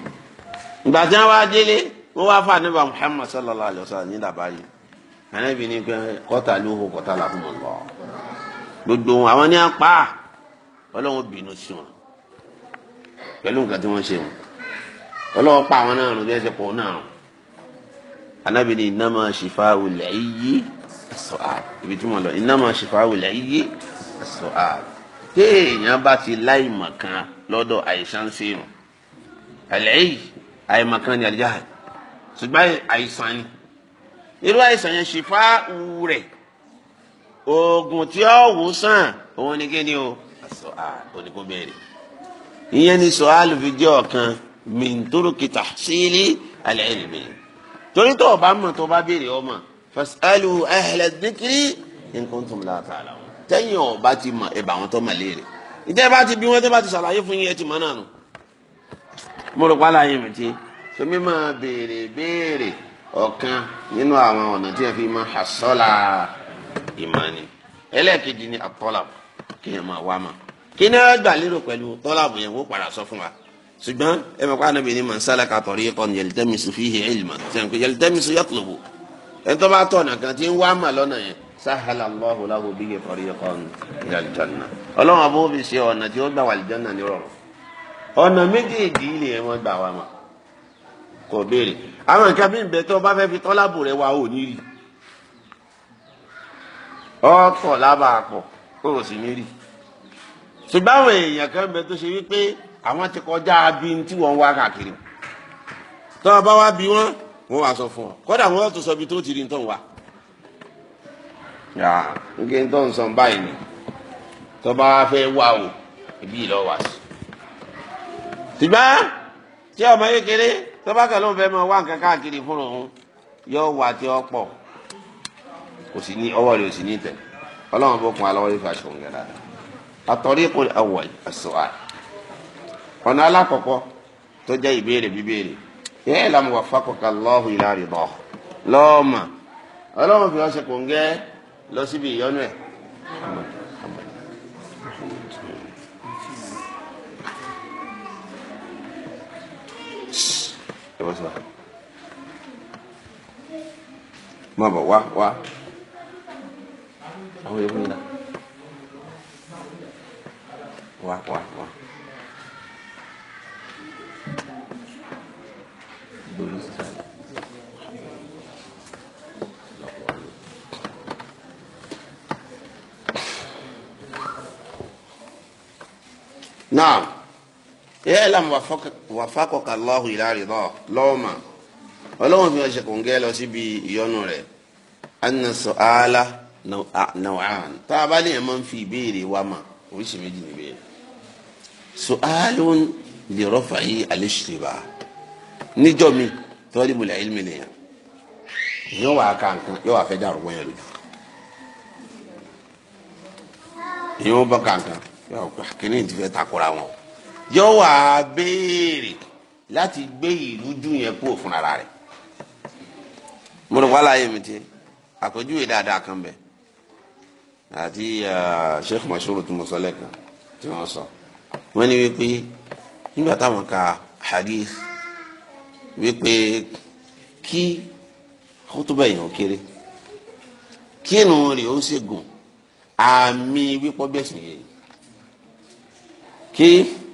ìgbà tí wọ́n wá délé wọ́n wá fà níbà Muhammad sallallahu alayhi wa sallam ní dàbáyé anabi ni pé kọta ló hó kọta là fún mi lọ gbogbo àwọn ní apá ọlọ́run bínú sí wọn pẹ̀lú nǹkan tí wọ́n ṣe wọn ọlọ́run pa àwọn náà rùn bí ẹ ṣe pọ̀ náà rùn anabi ni innama shifa'ul ayyi as-su'al ibi tí wọ́n lọ innama shifa'ul ayyi as-su'al téèyàn bá ti láì mọ̀kan lọ́dọ̀ àìsàn sí irun àlẹ́ yìí àìmọ̀kan ni àlẹ́ ṣùgbọ́n àìsàn ni irú àìsàn yẹn ṣìfà wù rẹ̀ oògùn tí ó wù sàn òun ni kíni o àṣọ oníkó béèrè ìyẹn ni sọ àlùfíjẹ ọ̀kan mìntúrùkìtà sílí alẹ́ ẹ̀lẹ́mì torí tó o bá mọ̀ tó o bá béèrè ọmọ fasalu ahla dhikri in kuntum la ta'lamun tẹ́yìn ọba ti mọ̀ ẹ̀bà wọn tó mọ̀ léèrè ìjẹ́ bá ti bí wọ́n tẹ́ bá ti ṣàlàyé fún yín ẹ ti mọ̀ náà nù mo rò pa láàyè mi ti so mi máa béèrè béèrè ọ̀kan nínú àwọn ọ̀nà tí yẹn fi máa hasọ́lá ìmọ̀ni ẹlẹ́ẹ̀kejì ni àtọ́là kéèyàn máa wá mà kí ni wọ́n gbà lérò pẹ̀lú tọ́là yẹn wọ́n padà sọ fún wa ṣùgbọ́n ẹ mọ̀ pé anabi ni man salaka tariqan yaltamisu fihi ilman sẹ́yìn pé yaltamisu yatlubu ẹ̀ tó bá tọ̀nà kan tí ń wá mà lọ́nà yẹn sahala allahu lahu bihi tariqan ila aljanna ọlọ́run abó fi ṣe ọ̀nà tí ó gbà wà aljanna ní rọrùn ọ̀nà méjèèjì ilé ẹ̀ wọ́n gbà wá mà kò béèrè àwọn nǹkan mí bẹ tó bá fẹ́ fi tọ́lábù rẹ wá ò ní rí ọkọ̀ lába àpọ̀ kó o sì ní rí ṣùgbọ́n àwọn èèyàn kan bẹ tó ṣe wípé àwọn ti kọjá bí tí wọ́n wá káàkiri tó bá wá bí wọ́n wọ́n wá sọ fún ọ kódà wọ́n tún sọ bí tó ti rí nítorí wa. yà nké ń tọ́ ń sọ báyìí ni tó bá fẹ́ wá o ìbí ìlọ wá sí. ṣùgbọ́n tí ọmọ kékeré tọ́bákà ló ń fẹ́ máa wá nǹkan káàkiri fún òun yóò wà tí ó pọ̀ kò sí ní ọwọ́ rẹ̀ ò sí ní tẹ̀ ọlọ́run bó kun alọ́wọ́ yóò fi aṣọ òun yẹn dáadáa àtọ̀rí kò àwọ̀ àṣọwà ọ̀nà alákọ̀ọ́kọ́ tó jẹ́ ìbéèrè bíbéèrè yẹ́n ìlànà wà fákọ̀ọ́kà lọ́hùn ìlà rẹ̀ bọ̀ lọ́ọ̀mà ọlọ́run fi ọṣẹ kò ń gẹ́ lọ síbi ìyọnu ẹ̀ Shh ẹ bọ́ síbà má bọ̀ wá wá àwọn yòókù yìí náà wá wá wá. Now yẹ́lám wàfákọ̀kà Allahu ila ridha lọ́ọ̀mà ọlọ́wọ́n fi hàn ṣe kò ń gẹ́ lọ síbi ìyọnu rẹ̀ anna su'ala naw'an tá a bá lè máa ń fi ìbéèrè wa mà oríṣi méjì ní ìbéèrè su'alun li rafa'i al-ishtiba níjọ́ mi talibul ilmi nìyẹn yóò wá ka nǹkan yóò wá fẹ́ dàrú wọ́n yẹn lójú yóò bọ́ ka nǹkan yóò kí ni ti fẹ́ takora wọn yọ wà á béèrè láti gbé ìrújú yẹn kúrò fúnra rẹ̀ mo rò wá láyé mi ti àpèjúwe dáadáa kan bẹ àti Sheikh Mashuru tó mọ sọ lẹ́ẹ̀kan tí wọ́n sọ wọ́n ní wípé nígbà táwọn ka hadith wípé kí kótóbá yẹn ò kéré kí inú rẹ̀ ó ṣe gùn àmì wípọ́ bẹ́sìn yẹn kí.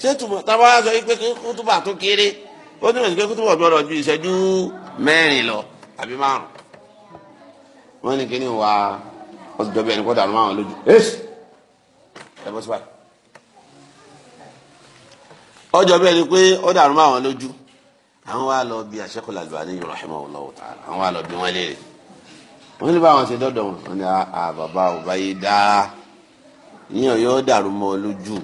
ṣé tùmọ̀ táwa sọ pé kútùbà tó kéré ó túmọ̀ sí pé kútùbà gbọ́dọ̀ ju ìṣẹ́jú mẹ́rin lọ àbí márùn wọ́n ní kíní wa ó ti dọ́bẹ̀ ẹni kọ́ dànù márùn lójú ẹ bọ́ síbà ọjọ́ bẹ́ẹ̀ ni pé ó dànù márùn lójú àwọn wa lọ bí Sheikh Al-Albani rahimahullahu ta'ala àwọn wa lọ bí wọ́n léèrè wọ́n ní báwọn ṣe dọ́dọ̀ wọn wọ́n àbàbà ò dáa yíyan yóò dàrú mọ́ lójú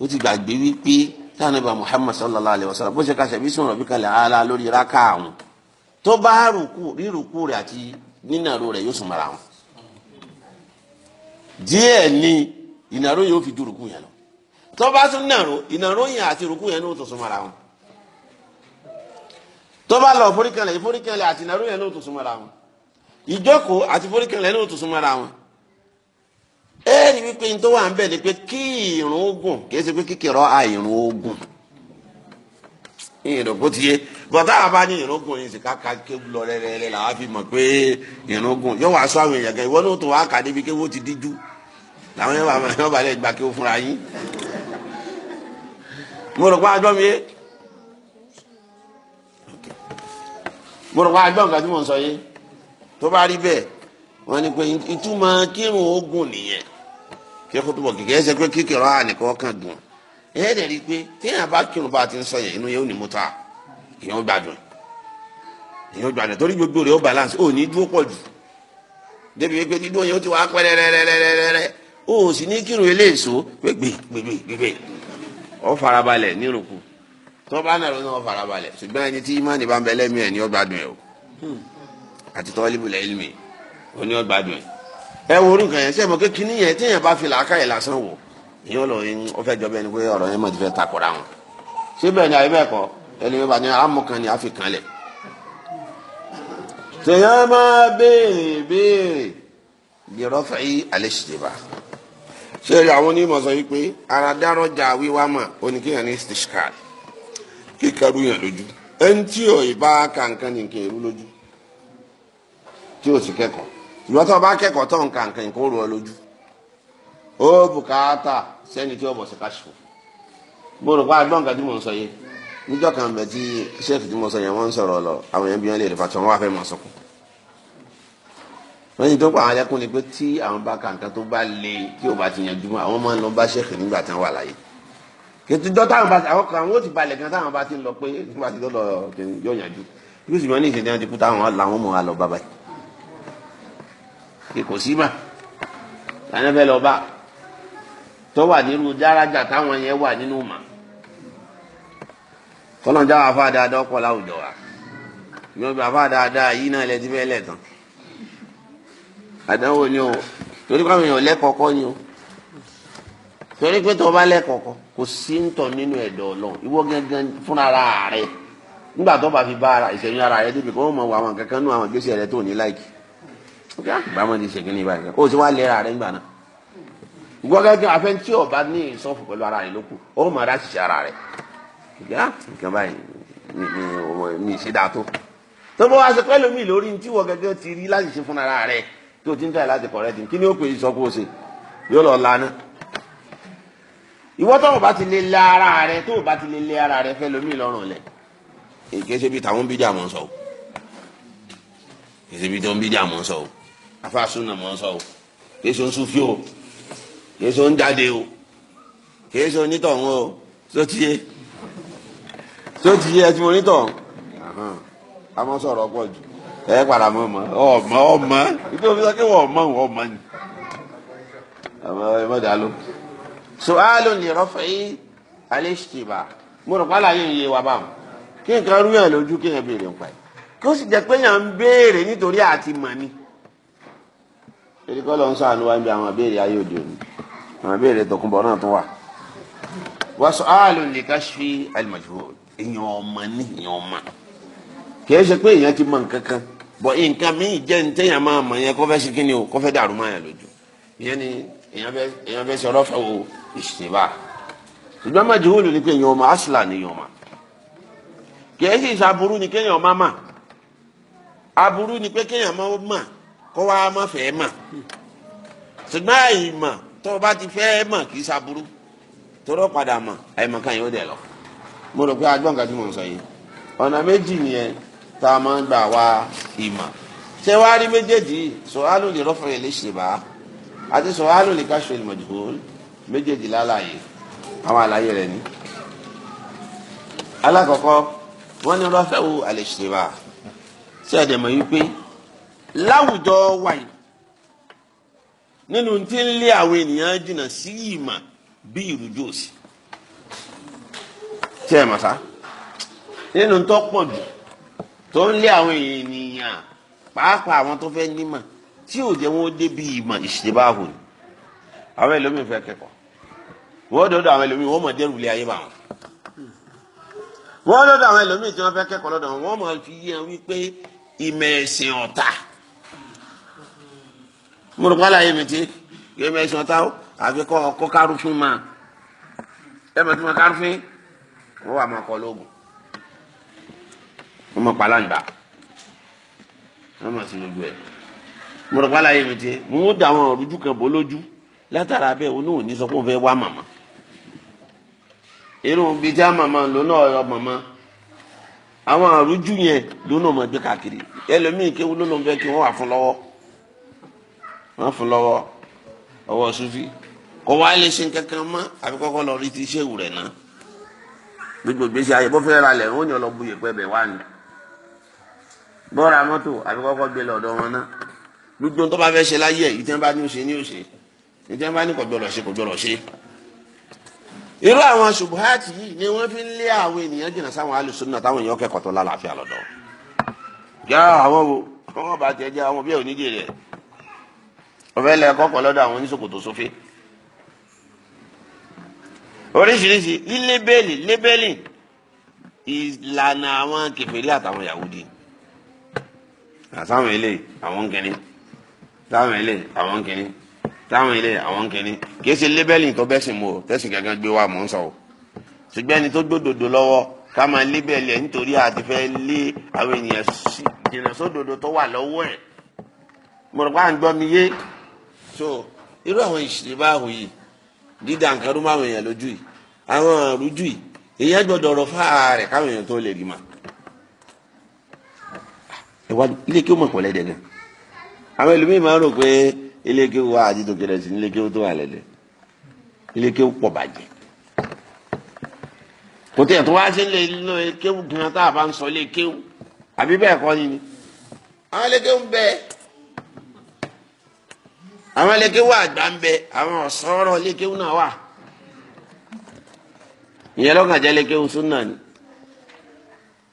ó ti gbàgbé wípé tánàbà Muhammad sallallahu alayhi wa sallam bó ṣe ka ṣàbí sùn rọ̀bí kalẹ̀ ala lórí raka àwọn tó bá rùkú rírùkú rẹ̀ àti nínàró rẹ̀ yóò sùn wọn. díẹ̀ ni ìnàró yóò fi ju rùkú yẹn lọ tó bá tún nàró ìnàró yẹn àti rùkú yẹn ní ó tó sùn mara wọn tó bá lọ foríkanlẹ̀ ìforíkanlẹ̀ àti ìnàró yẹn ní tó sùn wọn ìjókòó àti foríkanlẹ̀ ní tó sùn wọn ẹ rí wípé n tó wà ń bẹ̀ ni pé kí ìrun ogun kì í ṣe pé kíkìrọ àìrun ogun ìrun kò tiye bọ̀tá àbá ní ìrun ogun yìí sìkà ká kéwù lọ rẹ́rẹ́rẹ́ làwa fi mọ̀ pé ìrun ogun yóò wá sọ àwọn èèyàn kan ìwọ ní o tó wá kà débi kéwù ti díjú làwọn yóò bá yóò bá lè gbà kéwù fúnra yín mo rò pé àjọ mi yé mo rò pé àjọ nǹkan tí mò ń sọ yé tó bá rí bẹ́ẹ̀ wọ́n ní pé ìtumọ̀ kírun ogun nìyẹn kí kó túbọ̀ kìkì ẹsẹ̀ pé kíkìrọ̀ ànìkọ́ kan gùn ẹ̀ dẹ̀ rí i pé téèyàn bá kírun bá ti ń sọ yẹn inú yẹn ò ní mú ta èèyàn ó gbádùn èèyàn ó gbádùn torí gbogbo rẹ̀ ó balance ò ní dúró pọ̀ jù débi pé dídú yẹn ó ti wá pẹ́ rẹ́rẹ́rẹ́rẹ́rẹ́ ó sì ní kírun eléèso pé gbè gbè gbè ó farabalẹ̀ nírùkù tó bá nàró náà ó farabalẹ̀ ṣùgbọ́n ẹni tí imáàni bá ń bẹ lẹ́mìí ẹ̀ ni ó ẹ̀ o àti tọ́líbù ewu wo orúkọ yẹn sẹ́yìn mọ̀ pé kínní yẹn bá fi làákà yẹn lásán wò èyí ó lọ yín ó jọ pé yẹn ti fẹ́ takora wọn ṣé ni àyè bẹ́ẹ̀ kọ́ ẹni bá ní amúkan ni àfi kan tèèyàn máa béèrè béèrè bí rọ́fà yìí ṣìṣe bá ṣe rí àwọn onímọ̀ ara wíwá oníkéèyàn ní kíkarú lójú ẹni tí ò ì bá lójú tí ò ìwọ́n tó bá kẹ́kọ̀ọ́ tó nǹkan nǹkan kó rọ lójú ó bùkátà sẹ́ni tí ó bọ̀ sí káṣífò mo rò pé àgbọn nǹkan tí mò ń sọ yé níjọ́ kan bẹ̀ tí sẹ́ẹ̀kì tí mo sọ yẹn wọ́n ń sọ̀rọ̀ lọ àwọn yẹn bí wọ́n lè rí fàtí wọn wá fẹ́ mọ̀ sọkùn wọ́n yìí tó pa àwọn alẹ́kùn ni pé tí àwọn bá ka nǹkan tó bá le tí ò bá ti yanjú mọ́ àwọn máa ń lọ bá sẹ́ẹ̀kì nígbà tí wọ́n wà láyé kìtìjọ́ táwọn bá àwọn kan wọ́n ti balẹ̀ gan táwọn bá ti lọ pé nígbà tí lọ́dọ̀ yóò yanjú yóò sì mọ́ ní ìṣèjì kò sí mà tani fẹ́ lọ bá tó wà nínú dáradà táwọn yẹn wà nínú mà kọlọ́njà wà fà dáadáa ọkọ̀ láwùjọ wa ìwọ́n bá fà dáadáa yìí náà lẹ́tí fẹ́ lẹ́tàn àdánwò ni o torí lẹ́kọ̀ọ́kọ́ ni o torí pé tó o bá lẹ́kọ̀ọ́kọ́ kò sí ń tọ̀ nínú ẹ̀dọ̀ ọlọ́run ìwọ fúnra o mọ̀ wọ àwọn kankan àwọn gbèsè tó bàmọ́ ti ṣègbè ní ìbàdàn ó ti wá lera rẹ̀ ńgbà náà gbọ́gẹ́gẹ́ afẹ́ni tí ọba ní ìsọ́fù pẹ̀lú ara rẹ̀ ló kù ó mọ̀ ọ́dá ṣiṣẹ́ ara rẹ̀ nǹkan báyìí mi ì ṣe dáa tó tó bá wá ṣe pẹ́ lómi lórí tí wọ́n gẹ́gẹ́ ti rí láti ṣe fún ara rẹ̀ tí o ti ń tẹ̀ láti kọ̀ rẹ̀ dì kí ni ó pè é sọ́kó ṣe yóò lọ lana ìwọ tó o bá ti lè lé ara rẹ̀ tó o bá ti lè lé ara rẹ̀ fẹ́ lómi lọ́rùn lẹ̀ èké ṣe bí tàwọn bíjà mọ̀ sọ o èké ṣe bí tàwọn bíjà mọ̀ sọ o afásun nà mọ́ sọ o kìí ṣe oṣù fi o kìí ṣe oúnjáde o kìí ṣe onítọ̀hún o tó ti yé tó ti ẹtí mo onítọ̀hún àmọ́ sọ̀rọ̀ pọ̀ jù ẹ padà mọ̀ mọ́ ọmọ ọmọ ibi òfin sọ pé ọmọ wọ́n ọmọ ni ọmọ ẹ mọ̀ dàlú. sọ́hálù ni rọ́fẹ́ yìí alẹ́ṣìṣìbà mo rò pálá yìí yé wa bá wọn kí nǹkan rú yàn lójú kí yàn béèrè ń pa kí ó sì jẹ́ pé yàn ń béèrè nítorí àti mọ̀ ni torí kọ́ lọ́n sànù wá níbi àwọn abéèrè ayé òde òní àwọn abéèrè tọkùnbọ̀ náà tó wà. wá sọ áàlù lè ká ṣe àlùmọ̀jù èèyàn ọmọ ní èèyàn ọmọ kì í ṣe pé èèyàn ti mọ nǹkan kan bọ̀ nǹkan míì jẹ́ ní téèyàn máa mọ̀ yẹn kó fẹ́ ṣe kí ni o kó fẹ́ dàrú máa yẹn lójú ìyẹn ni èèyàn fẹ́ ṣe ọlọ́fẹ́ wo ìṣèlú ṣùgbọ́n máa jòwó lónìí pé èèyàn ọmọ ni èèyàn ọmọ kì í ṣe ìṣàbùrú ni kéèyàn ọmọ mà ni pé kéèyàn kó wá má fẹ́ mà ṣùgbọ́n àìmọ̀ tó o bá ti fẹ́ mọ̀ kì í ṣàbúrú tọ́rọ padà mọ̀ àìmọ̀ kan yóò dẹ̀ lọ. mo rò pé agbọ́n nǹkan tí mo ń sọ yìí ọ̀nà méjì nìyẹn tá a máa ń gbà wá ìmọ̀ ṣé wàá rí méjèèjì sọ̀hálù lè rọ́fọ̀ yẹn lè ṣe bá àti sọ̀hálù lè ká ṣe ìmọ̀jùkú méjèèjì lálàyé àwọn àlàyé rẹ̀ ni. alákọ̀ọ́kọ́ wọ́n ní rọ́fẹ́ wo àlè ṣe bá ṣé ẹ̀dẹ̀ mọ̀ yìí pé láwùjọ wa yìí nínú tí ń lé àwọn ènìyàn jìnnà sí ìmọ̀ bí ìrújú òsì tí ẹ mọ̀ sá nínú tó pọ̀ jù tó ń lé àwọn ènìyàn pàápàá àwọn tó fẹ́ nímọ̀ tí ò jẹ́ wọn ó débi ìmọ̀ ìṣèbáhù àwọn ẹlòmíín fẹ́ kẹ́kọ̀ọ́ wọ́n dọ̀dọ̀ àwọn ẹlòmíín wọ́n mọ̀ dẹ́rù lé ayé bá wọ́n dọ̀dọ̀ àwọn ẹlòmíín tí wọ́n fẹ́ kẹ́kọ̀ọ́ lọ́dọ̀ wọ́n mọ̀ fi yé wípé ìmọ̀ ẹ̀sìn ọ̀tá mo rò pálá yẹn mi ti yẹn mi ẹsùn ọ̀tá o àfi kọ́ ọkọ́ kárùfín máa ẹ mọ̀ tí mo kárùfín wọ́n wà máa kọ́ lóògùn wọ́n mọ̀ pálá ń gbà wọ́n mọ̀ sí gbogbo ẹ̀ mo rò pálá yẹn mi ti mo ń da kan bó lójú látara bẹ́ẹ̀ onú òní sọ pé fẹ́ wá màmá irun bíi já màmá lónà ọ̀rọ̀ màmá àwọn àrùjú yẹn lónà ọmọ ẹgbẹ́ káàkiri ẹlòmíì kéwọn lónà ọmọ ẹgbẹ́ kí wọ́n wà fún lọ́wọ́ wọn fún lọ́wọ́ ọwọ́ sufi kọ wá lè ṣe kankan mọ àbí kọkọ lọ rí ti ṣéwù rẹ náà gbogbo gbèsè ayé bó fẹ́ẹ́ ra lẹ̀ wọ́n ní ọlọ́bu yèpẹ́ bẹ̀ wá ní bọ́ra mọ́tò àbí kọ́kọ́ gbé lọ́dọ̀ wọn náà gbogbo tó bá fẹ́ ṣe láyé yìí tí wọ́n bá ní òṣè ní òṣè ní tí wọ́n bá ní kò gbọ́dọ̀ ṣe kò gbọ́dọ̀ ṣe. irú àwọn ṣubuhati yìí ni wọ́n fi ń lé àwọn ènìyàn jìnnà sáwọn alùsùnà táwọn èèyàn kẹ́kọ̀ọ́ tó lálàáfíà lọ́dọ̀. yàrá àwọn wo àwọn bàtẹ́ jẹ́ àwọn bí ẹ̀ oníjì rẹ̀ ọ̀fẹ́ lẹ kọ́kọ́ lọ́dọ̀ àwọn oníṣòkòtò sófin oríṣiríṣi lílébélì lébélì ìlànà àwọn kèfèrí àtàwọn Yahudi àtàwọn eléyìí àwọn kìnní táwọn eléyìí àwọn kìnní táwọn eléyìí àwọn kìnní kìí ṣe lébélì tó bẹ́sìn mu o tẹ́sìn gángan gbé wa mọ̀ ń sọ o ṣùgbọ́n ẹni tó gbódòdó lọ́wọ́ ká máa lébélì ẹ̀ nítorí àti fẹ́ lé àwọn ènìyàn jìnnà sódòdó tó wà lọ́wọ́ ẹ̀ mo rò à ń gbọ́ mi yé so irú àwọn ìṣẹ̀lẹ̀ báwo yìí dídá nǹkan ló máa wọ̀nyẹn lójú yìí àwọn àrùjù yìí èyí gbọ́dọ̀ ọ̀rọ̀ fáà rẹ̀ káwọn èèyàn tó lè rí ma ìwádìí ilé kí ó mọ̀ pọ̀lẹ́ dẹ̀ gan àwọn ẹlòmíì máa ń rò pé ilé kí ó wá àti tó sí ilé kí ó tó wà lẹ́dẹ̀ ilé kí ó pọ̀ bàjẹ́ kò tẹ̀ tó wá sí ilé ilé kéwù gan tá a bá ń sọ ilé kéwù àbí bẹ́ẹ̀ kọ́ ni ni àwọn ilé kéwù bẹ́ẹ̀ àwọn lẹ́kẹ́wò àgbà ń bẹ àwọn ọ̀sọ́rọ̀ lẹ́kẹ́wò náà wà ìyẹn lọ́kàn jẹ́ lẹ́kẹ́wò súnà ni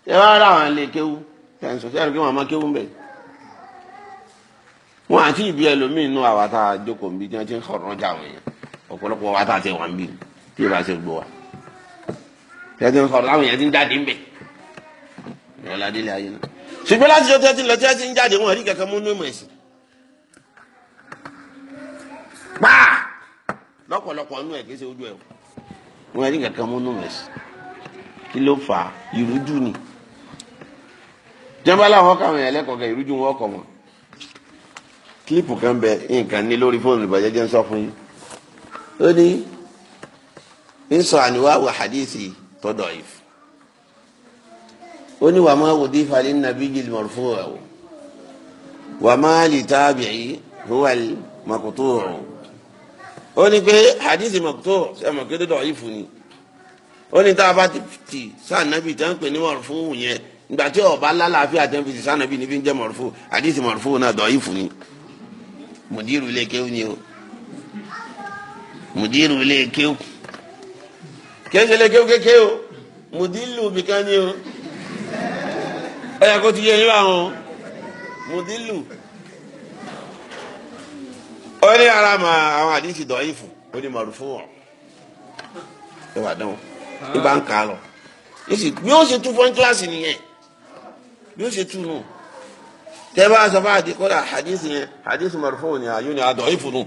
ṣé wàá rà àwọn lẹ́kẹ́wò tẹ̀sán ṣé àrùkẹ́ wọn máa kéwò ń bẹ̀ wọn àti ìbí ẹlòmíín nú àwa tá a jókòó ń tí wọn ti ń sọ̀rọ̀ ọjà àwọn èèyàn ọ̀pọ̀lọpọ̀ wa tá a ti wà ń bí tí ìbá ṣe gbọ́ wa tí wọn ti ń sọ̀rọ̀ láwọn èèyàn ti ṣùgbọ́n láti ṣe tí lọ tí ń jáde wọn rí kankan pa ah! lọ́pọ̀lọpọ̀ nínú ẹ̀ kì í ṣe ojú ẹ̀ o wọn rí kankan mú nù ẹ̀sìn kí ló fà á ìrújú ni jẹ́nbá làwọn kàwọn èèyàn lẹ́kọ̀ọ́ kan ìrújú wọn kọ̀ wọn kílípù kan bẹ nǹkan ní lórí fóònù ìbàjẹ́ jẹ́ ń sọ fún yín ó ní ń sọ àníwá wà hadithi tọ́dọ̀ ìfù ó ní wà máa wò dífà ní nàbí jìl mọ̀rùfó ẹ̀wò wà máa lè tábìí huwal makutu ọ̀hún. ó ní pé hadith mọ̀tò ẹ̀mọ̀ kí dídọ̀ yìí fún ni ó ní tá a bá ti sànàbì pè ní mọ̀rùfù yẹn ìgbà tí ọba lálàáfíà tẹ́ fi ti sànàbì níbi ń jẹ́ mọ̀rùfù hadith mọ̀rùfù náà dọ̀ yìí fún ni ni o mùdírù ilé kéwù ilé kéwù bìkan ni o ti yín báwọn ó ní ara mà àwọn àdìsí dọ̀yìnfù ó ní màrú fún ọ ẹ wà dánwò ibà ń kà á lọ bí ó ṣe tú fún kíláàsì nìyẹn bí ó ṣe tú nù tẹ bá sọ fún àdìsí kọ́dà àdìsí yẹn àdìsí màrú fún òní àyùn ni àdọ̀yìnfù nù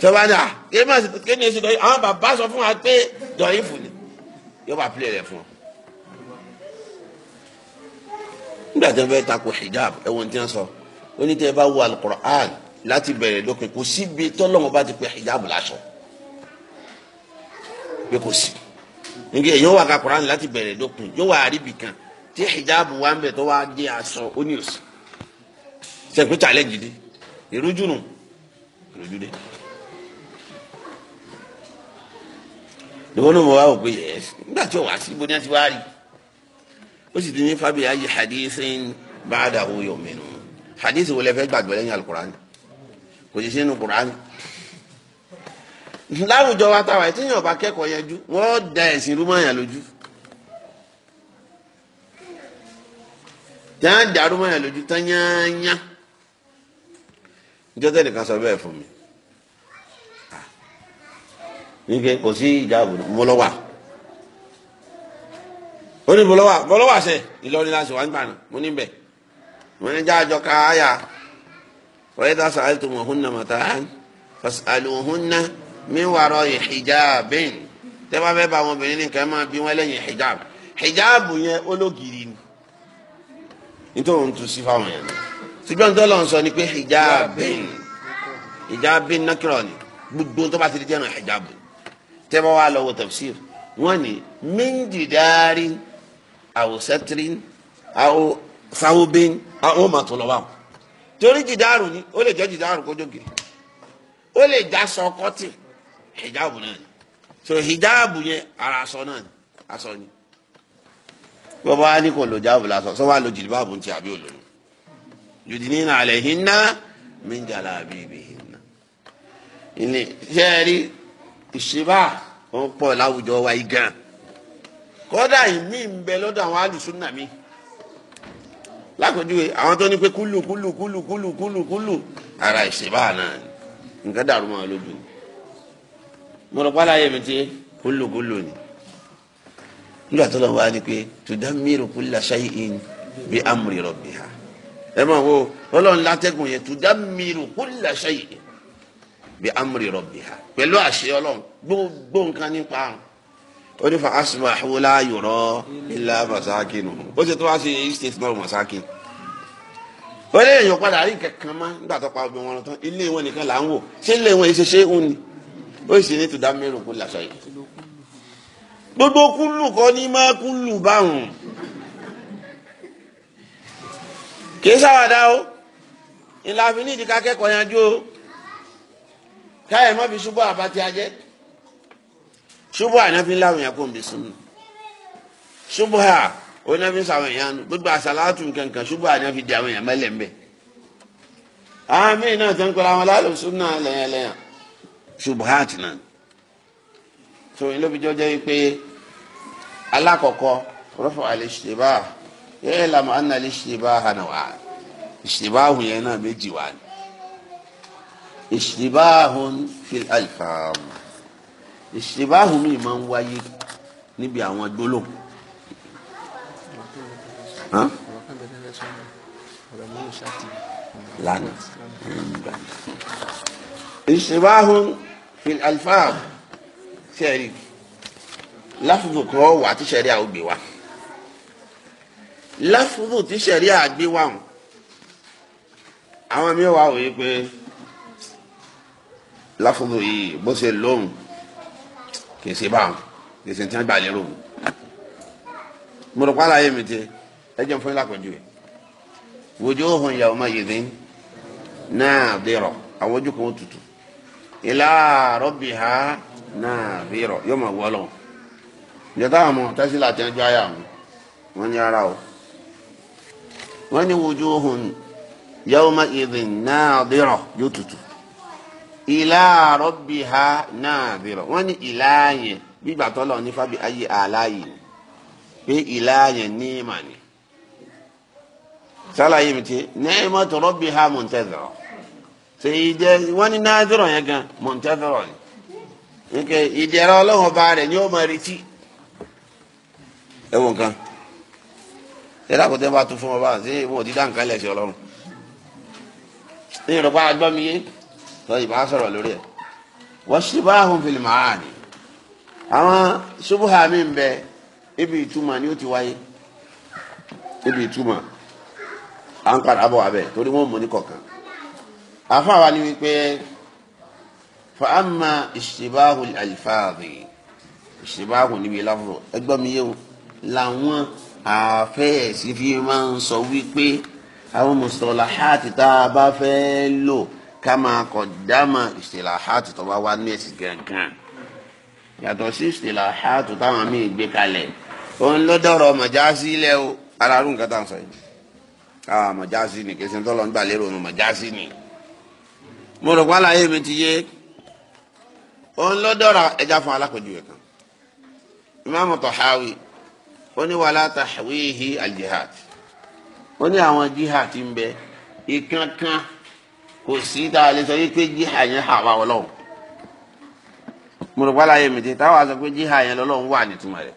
tọ́ba dà kéèmí ẹ̀sìn dọ̀yìnfù àwọn bàbá sọ fún wa pé dọ̀yìnfù ni yóò bá pilẹ̀ rẹ̀ fún ọ. nígbà tí wọ́n fẹ́ takò hijab ẹ̀wọ̀n tí wọ́n sọ ó ní tẹ́ ẹ bá wo alukur'an láti bẹ̀rẹ̀ lókè kò síbi tọ́lọ́mọ bá ti pè hijabu lásán pé kò sí nígbà yẹn wà ká Kùránì láti bẹ̀rẹ̀ lókun yóò wà àríbì kan tí hijabu wà ń bẹ̀ tó wà dé aṣọ ó ní òsì sẹ́kù challenge dé ìrújú nù ìrújú dé. ìwọ náà mo wá wò pé ẹ nígbà tí o wà sí ibo ní wá rí ó sì ti ní fábíyà yìí hadith ba'dahu yu'minu hadith wo lẹ fẹ́ gbàgbọ́ lẹ́yìn Al-Kùránì kò sì sínú kùránì láwùjọ wa táwa tí yàn bá kẹ́kọ̀ọ́ yẹjú wọ́n da ẹ̀sìn rúmọ̀yàn lójú tí wọ́n da rúmọ̀yàn lójú tán yányá níjọ́ tẹ́lẹ̀ kan sọ bẹ́ẹ̀ fún mi nígbà kò sí ìjáàbò mo ó ní mo lọ wà mo lọ wà la ṣe wá ń gbà náà mo ní mo ní jáàjọ ká yà وإذا سألتموهن متاعا فاسألوهن من وراء حجاب tẹ́ bá fẹ́ bá àwọn obìnrin nìkan máa bí wọ́n lẹ́yìn hijab hijab yẹn ológiri ni nítorí òun tún sí fáwọn yẹn ṣùgbọ́n tó lọ́n sọ ni pé hijabin hijabin nakirọ ni gbogbo tó bá ti di jẹ́nu hijab tẹ́ bá wà lọ́wọ́ tafsir wọ́n ní méjìdárí àwòsẹ́tìrín àwòsáwóbìn àwọn màtún lọ́wọ́ àwọn. torí jìdáàrù ni ó lè jẹ́ jìdáàrù kó jókè ó lè já sọ kọ́tì hijabu náà ni so hijabu yẹn ara aṣọ náà ni aṣọ ni ní kò lò jáàbù lásán sọ wá lò jìlbáàbù ti àbí olóyún yudinina rí ìṣèbá ó ń pọ̀ láwùjọ wa ń bẹ lọ́dọ̀ àwọn náà mi. lákòjúwe àwọn tó ní pé kúlù kúlù kúlù kúlù kúlù kúlù ara ìṣèbá náà nǹkan dàrú mọ́ ọ lójú mo rò pálá yẹ mi ti kúlù kúlù ni nígbà tó lọ wá ni pé tudammiru kulla shay'in bi amri rabbiha ẹ máa wo ọlọ́run látẹ́gùn yẹn tudammiru kulla shay'in bi amri rabbiha pẹ̀lú àṣẹ ọlọ́run gbogbo nǹkan nípa àrùn ó ní fa asbahu la yura illa masakin ó ṣe tó wá sí istithna masakin ó lé èèyàn padà rí kankan mọ́ nígbà tó pa ọgbẹ́ wọn tán ilé wọn nìkan là ń wò ṣé ilé wọn ṣe ṣé ń ni ó sì ní tùdá mẹ́rin kó làṣọ yìí gbogbo kúlù kọ́ ní má kúlù báwọn kìí sáwàdà o ìlànà ìdíkà kẹ́kọ̀ọ́ yanjú o káyọ̀ mọ́ fi ṣubú àbátí ajẹ́ ṣubú ànáfi láwọn yẹn kó n bẹ sunna ṣubú ha onáfi sàwọn yẹn nu gbogbo àsàlátù nkankan ṣubú ànáfi di àwọn yẹn mẹlẹ mbẹ àmì náà tẹ́ ń pẹ́lú àwọn aláàlú sunna lẹ́yìn lẹ́yìn ṣubú ha ti nà so ilé bí jọjọ yìí pé alákọ̀ọ́kọ́ rọ́fọ̀ àlẹ́ ṣèbá yẹ́n lamọ̀ àná àlẹ́ ṣèbá hànà wà ìṣèbáhùn yẹn náà méjì wà ní ìṣèbáhùn fil alfam ìṣèbáhù mi máa ń wáyé níbi àwọn gbólóhùn. lánàá ìṣèbáhù fil alfáà sẹ́ẹ̀rì láfùfù kan wà tí sẹ́ẹ̀rì àwọn gbé wa láfùfù tí sẹ́ẹ̀rì àgbé wa hàn àwọn mi wà wòye pé láfùfù yìí bó ṣe lóhùn kì í ṣe báwọn kì í ṣe tí wọn gbà lérò wọn. mo rò pálá ayé mi ti ẹ jẹun fún yín lápẹjù yìí wujuhun yawma idhin nadira àwọn ojú kan ó tutù ila rabbiha nadira yóò máa wọ́ lọ́wọ́ àwọn ọmọ tẹ́sílà tí wọ́n àyà wọn wọ́n ní ara o wọ́n ní wujuhun yawma idhin nadira yóò tutù ìlà àrọ́bì ha náà dìrọ̀ wọ́n ní ìlà yẹn gbígbà tọ́lọ̀ ní fábí ayé àláyé pé ìlà yẹn ní ìmà ni sálàyé mi ti ní ìmọ̀ tó rọ́bì ha mọ̀ntẹ́dọ̀rọ̀ ṣe ìjẹ wọ́n ní náà yẹn gan mọ̀ntẹ́dọ̀rọ̀ ni nke ìdẹ̀ra ọlọ́run ọba rẹ̀ ni ó máa retí ẹ̀wọ̀n kan ṣẹlẹ àkọtẹ́ bá tún fún ọba ṣé ìwọ̀n dídá nǹkan lẹ̀ ṣe ọlọ́run ní ìrọ̀pá agbọ́mi tọ́yì máa sọ̀rọ̀ lórí ẹ̀ wọ́n ṣì bá ahùn fìlì máa nì àwọn ṣubuha mi ń bẹ ibi ìtumọ̀ ni ó ti wáyé ibi ìtumọ̀ à ń padà bọ̀ abẹ torí wọ́n mú ní kọ̀ọ̀kan àfáàwa ni wípé fàámà ìṣìbáhù àlìfáàdì ìṣìbáhù níbi láfọ̀ ẹgbẹ́ mi yẹ́wò làwọn àfẹ́ẹ̀sì fi máa ń sọ wípé àwọn mùsùlùmí tá a bá fẹ́ lò kama kọdama istilahatu tó bá wà ní ẹsìn kankan yàtọ̀ sí istilahatu táwọn míì gbé kalẹ̀ òun ló dọ̀rọ̀ mọ̀jáàsí lẹ̀ o ararú nǹkan tá à ń sọ yìí àwọn mọ̀jáàsí ni kí n tọ́lọ́ ń gbà lérò ni mo rò wá láyé mi ti yé òun ló dọ̀rọ̀ ẹja fún alákòjúwe kan imaamu Tahawi ó ní wàlá tahwihi aljihad ó ní àwọn jihad ń bẹ ìkankan. kò sí tá a lè sọ pé jíhà yẹn hà wá ọlọ́run mo rò wálá yẹn mìtì táwa sọ pé jíhà yẹn lọ́lọ́run wà nítumọ̀ rẹ̀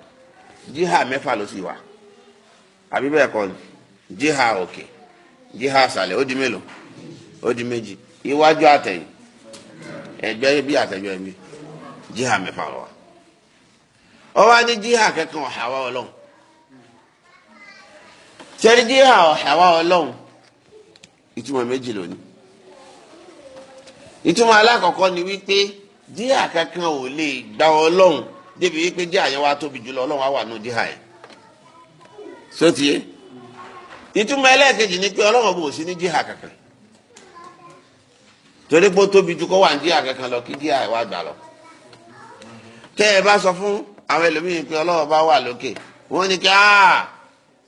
jíhà mẹ́fà ló sì wà àbí bẹ́ẹ̀ kọ́ jíhà òkè jíhà sàlẹ̀ ó di mélòó ó di méjì iwájú àtẹ̀yìn ẹgbẹ́ bí àtẹ̀jọ́ ẹ̀mí jíhà mẹ́fà ìtumọ̀ alákọ̀ọ́kọ́ ni wípé díà kankan ò lè gba ọlọ́run débi wípé díà yẹn wá tóbi jùlọ ọlọ́run á wà nù díà yẹn sótìyé ìtumọ̀ ẹlẹ́ẹ̀kejì ni pé ọlọ́run bò sí ní díà kankan torí pé ó tóbi jù kó wà ní díà kankan lọ kí díà yẹn wá gbà lọ tẹ́ ẹ bá sọ fún àwọn ẹlòmíín pé ọlọ́run bá wà lókè wọ́n ní kí áà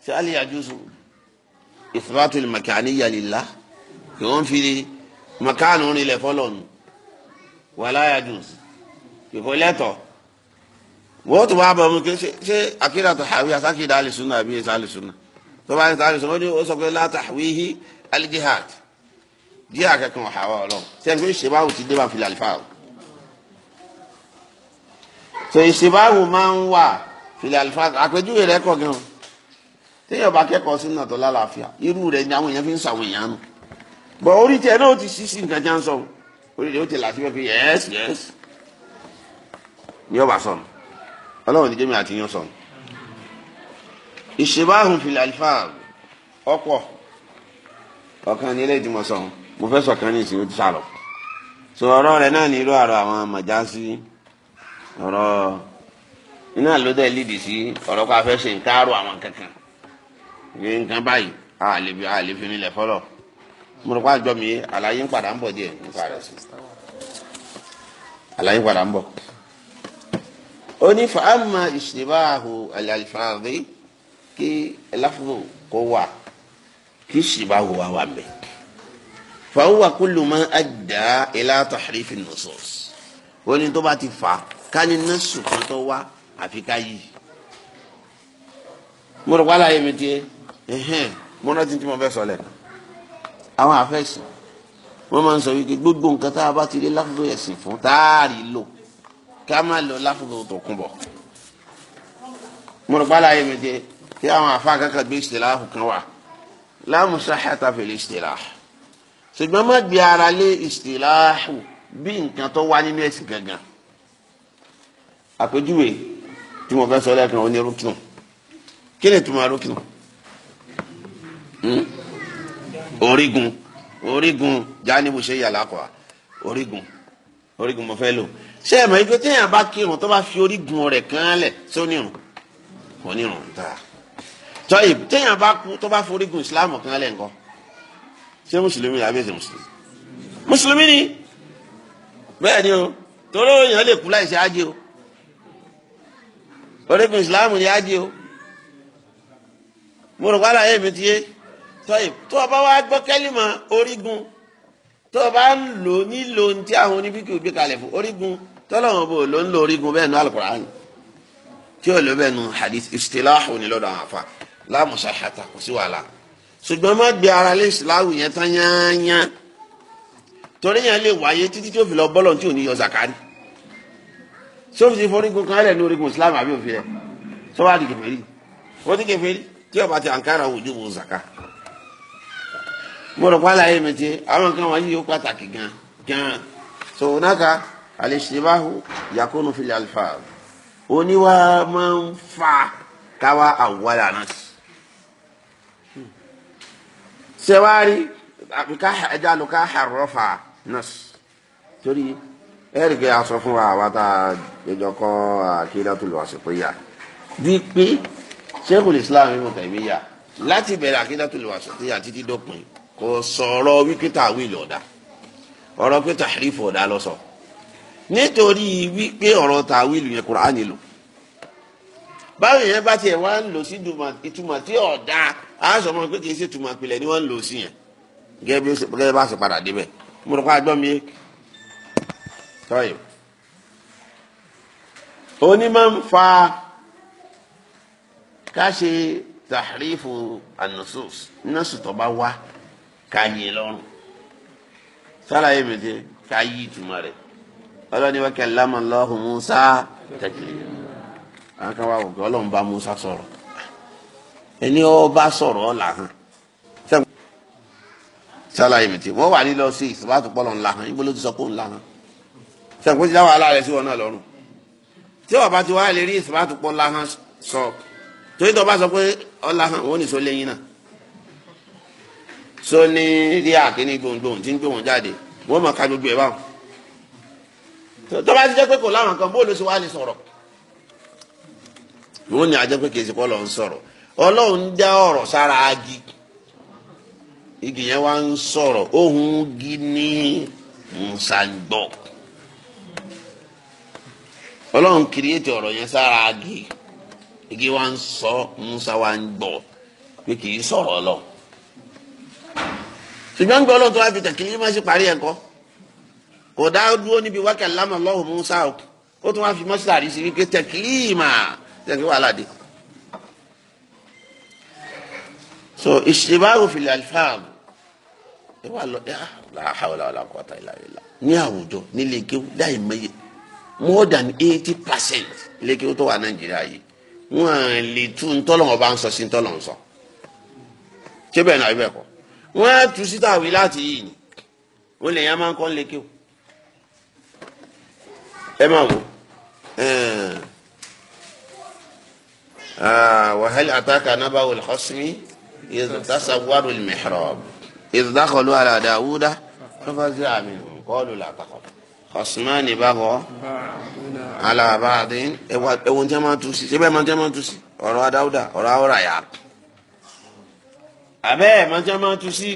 ṣáà sùn ìfúrátù ìmọ̀kẹ́ àníyàn lè la mọ̀kánù rinlẹ̀ fọlọ́nù wàhálà yàdùn ìfọ̀ lẹ́tọ̀ wọ́n tún bá bọ̀ mú kí ṣe àkírà tó hàwí àsákìdá àlìsúnà àbí ẹ̀sà àlìsúnà tó bá ẹ̀sà àlìsúnà ó ní ó sọ pé látàwíhí alijihad díẹ̀ akẹ́kọ̀ọ́ àwa ọ̀rọ̀ sẹ́ni pé ìṣèbáwò ti dé bá fìlà àlìfáà o so ìṣèbáwò máa ń wà fìlà àlìfáà àpèjúwe rẹ̀ kọ̀ gan-an téèyàn bá kẹ́kọ̀ọ́ sínú àtọ̀ lálàáfíà irú rẹ̀ ni àwọn èèyàn fi ń sàwọn èèyàn nù bọ̀ orí tiẹ̀ náà ó ti ṣí sí nǹkan jẹ́ ń sọ orí tiẹ̀ ó ti là sí wọ́n fi yẹ́s yẹ́s ni ọba sọnù ọlọ́run ní jẹ́mi àti yín sọnù ìṣèbáhùn fìlàlífààbù ọ̀pọ̀ ọ̀kan ní ilé ìdìmọ̀ sọ̀hún mo fẹ́ sọ̀kan ní ìsìn ojú sálọ. sọ ọ̀rọ̀ rẹ̀ náà ní irú àrò àwọn màjásí ọ̀rọ̀ iná ló dẹ̀ lídì sí ọ̀rọ̀ kó a fẹ́ ṣe nǹkan àrò àwọn kankan nǹkan báyìí a lè fi nílẹ̀ fọlọ́ mo rò pé àjọ mi àlàyé ń padà ń bọ̀ díẹ̀ nípa rẹ̀ sí àlàyé ń padà ń bọ̀. ó ní fàámà ìṣèbáàhù àlàlfààdé kí ẹláfúrò kó wà kí ìṣèbáàhù wà wà mẹ́. fàáwà kúlù máa ń dá ilá tàhírífì nùsọ̀s ó ní tó bá ti fà ká ní nọ́ọ̀sù kan tó wá àfi ká yí. mo rò pé àlàyé mi tiẹ̀ mo rántí tí mo fẹ́ sọ lẹ́nu àwọn àfẹ́sìn wọ́n máa ń sọ wípé gbogbo nǹkan tá a bá ti rí láfùdó ẹ̀sìn fún táàrí lò ká má lọ láfùdó tó kún bọ̀. mo rò pálá yẹn méje kí àwọn àfa kankan gbé ìṣẹ̀láàfù kan wà láàmú sáhàtà fèlè ìṣẹ̀láàfù ṣùgbọ́n má gbé ara lé ìṣẹ̀láàfù bí nǹkan tó wá nínú ẹ̀sìn gangan. àpèjúwe tí mo fẹ́ sọ lẹ́ẹ̀kan onírúkìnnù kí ni ìtumọ̀ àrúkìnnù? Hmm? orígun orígun jánibu ṣe yàrá kọ́ orígun orígun mo fẹ́ lò ṣé ẹ mọ̀ ẹ́ pé téèyàn bá kírun tó bá fi orígun rẹ̀ kan lẹ̀ sónírun kò nírun ta tọ́yì téèyàn bá kú tó bá fi orígun islam kan lẹ̀ nǹkan ṣé mùsùlùmí ni àbí ẹ̀sìn mùsùlùmí mùsùlùmí ni bẹ́ẹ̀ ni o torí èèyàn lè kú láì ájé o orígun islam ni ájé o mo rò pálá yé mi ti yé tọ́yìn tó o bá wá gbọ́ kẹ́límà orígun tó o bá ń lò nílò ní ti àwọn oníbíkì gbé kalẹ̀ fún orígun tọ́lọ́wọ́n bò ló ń lo orígun bẹ́ẹ̀ nú alukur'an tí o lò bẹ́ẹ̀ nú hadith istilahu ni lọ́dọ̀ àwọn afa lámùsà hàtà kò sí wàhálà ṣùgbọ́n má gbé ara lé ìsìláwù yẹn tán yányá torí yẹn lè wáyé títí tí o fi lọ bọ́lọ̀ tí o ní yọ zakari sófin forígun kan lẹ̀ orígun islam àbí òfin rẹ̀ sọ́wádìí kẹfẹ́rí ó ti kẹfẹ́rí tí ọba ti àǹkárá òwúdí wo zaka mo rò pa láyé mi ti àwọn nǹkan wọ̀nyí yóò pàtàkì gan gan so náka àlèṣèbáhu yakunu fìlẹ alifa oníwà máa ń fa káwa àwọlà náà sí. sẹwárí ẹja ló ká àrọ́fà náà sí torí ẹ̀rì kí a sọ fún wa àwa tá a jẹjọ kọ́ àkídàtul wàsítíyà bíi pé Sheikhul Islam Ibn Taymiyyah láti bẹ̀rẹ̀ àkídàtul wàsítíyà títí dópin kò sọ̀rọ̀ wíkítà wíìlì ọ̀dà ọ̀rọ̀ pé tàhírífù ọ̀dà lọ sọ nítorí wípé ọ̀rọ̀ tàwíìlì yẹn Kùránì lò báwo yẹn bá tiẹ̀ wá ń lò sí ìtumọ̀ tí ọ̀dà àásọ̀mọ́ pé kìí ṣe ìtumọ̀ pilẹ̀ ni wọ́n ń lò sí yẹn gẹ́gẹ́ bá ṣe padà débẹ̀ mo rò pa àgbọ̀n mi tọ́yọ̀ òní máa ń fa ká ṣe tàhírífù ànùsùs nọ́ọ̀sì tó bá wá káyé lọ́rùn sálàyé mi ti káyé ìtumọ̀ rẹ̀ ọlọ́ni wa kallama Allahu Musa taklima àwọn kan wà wò pé ọlọ́run bá Musa sọ̀rọ̀ ẹni ọba sọ̀rọ̀ ọ̀la hàn sálàyé mi ti wọ́n wà nílọ sí ìsìbátú pọ́lọ̀ ńlá hàn ibo ló ti sọ pé ńlá hàn sẹ́yìn kó ti dá wàhálà rẹ̀ sí wọn náà lọ́rùn tí ọba ti wá lè rí ìsìbátú pọ́lọ̀ ńlá hàn sọ torí tó bá sọ pé ọ̀la hàn òun nìṣó lẹ́yìn náà so ní rí àkíní gbohùngbohùn tí ń gbé wọn jáde wọ́n máa ka gbogbo ẹ̀ báwọn. tó bá ti pé kò láwọn kan bóòlù sí wa lè sọrọ wọ́n ní ajẹ́ pé kì í ṣe kọ́lọ̀ ń sọ̀rọ̀ ọlọ́run dá sára agi igi yẹn wá ń ohun gi ní yẹn sára agi ṣùgbọ́n gbọ́ lóun tó wá fi tẹ̀kílì má ṣe parí ẹ̀kọ́ kò dá dúró níbi wákẹ́ lámà lọ́hùn Musa ó tún wá fi mọ́ṣúlárì sí wípé tẹ̀kílì mà tẹ̀kí wàhálà dé. so ìṣèbáwò fìlẹ̀ alifáàmù ẹ wà lọ ẹ làhàwọlà wàlà kọta ìlàlẹ́là ní àwùjọ nílé kéwù láì mẹyẹ more than eighty percent ilé kéwù tó wà Nàìjíríà yìí wọn lè tún ntọ́lọ́wọ́n bá ń sọ sí ntọ́lọ́wọ́n sọ ṣé bẹ́ẹ̀ náà ibẹ̀ kọ́ wọ́n á tu síta wí láti yìí ni wọ́n lè yàn máa ń kọ́ lé kéwù ẹ máa wò wàhálì àtàkà nábàwò lẹ́kọ́sìmí ìdásàwárò mihrab ìdákọ̀lù àlà Dáwúdà lọ́fàájú àmì kọ́ọ̀lù làtàkọ̀ kọ̀sìmánì bàbọ̀ àlàbàdín ẹ̀wọ̀n tí a máa tu sí ṣé bẹ́ẹ̀ máa tí a máa tu sí ọ̀rọ̀ Dáwúdà ọ̀rọ̀ àwòrán yàrá abẹ́ ẹ̀ máa ń tẹ́ máa ń tu sí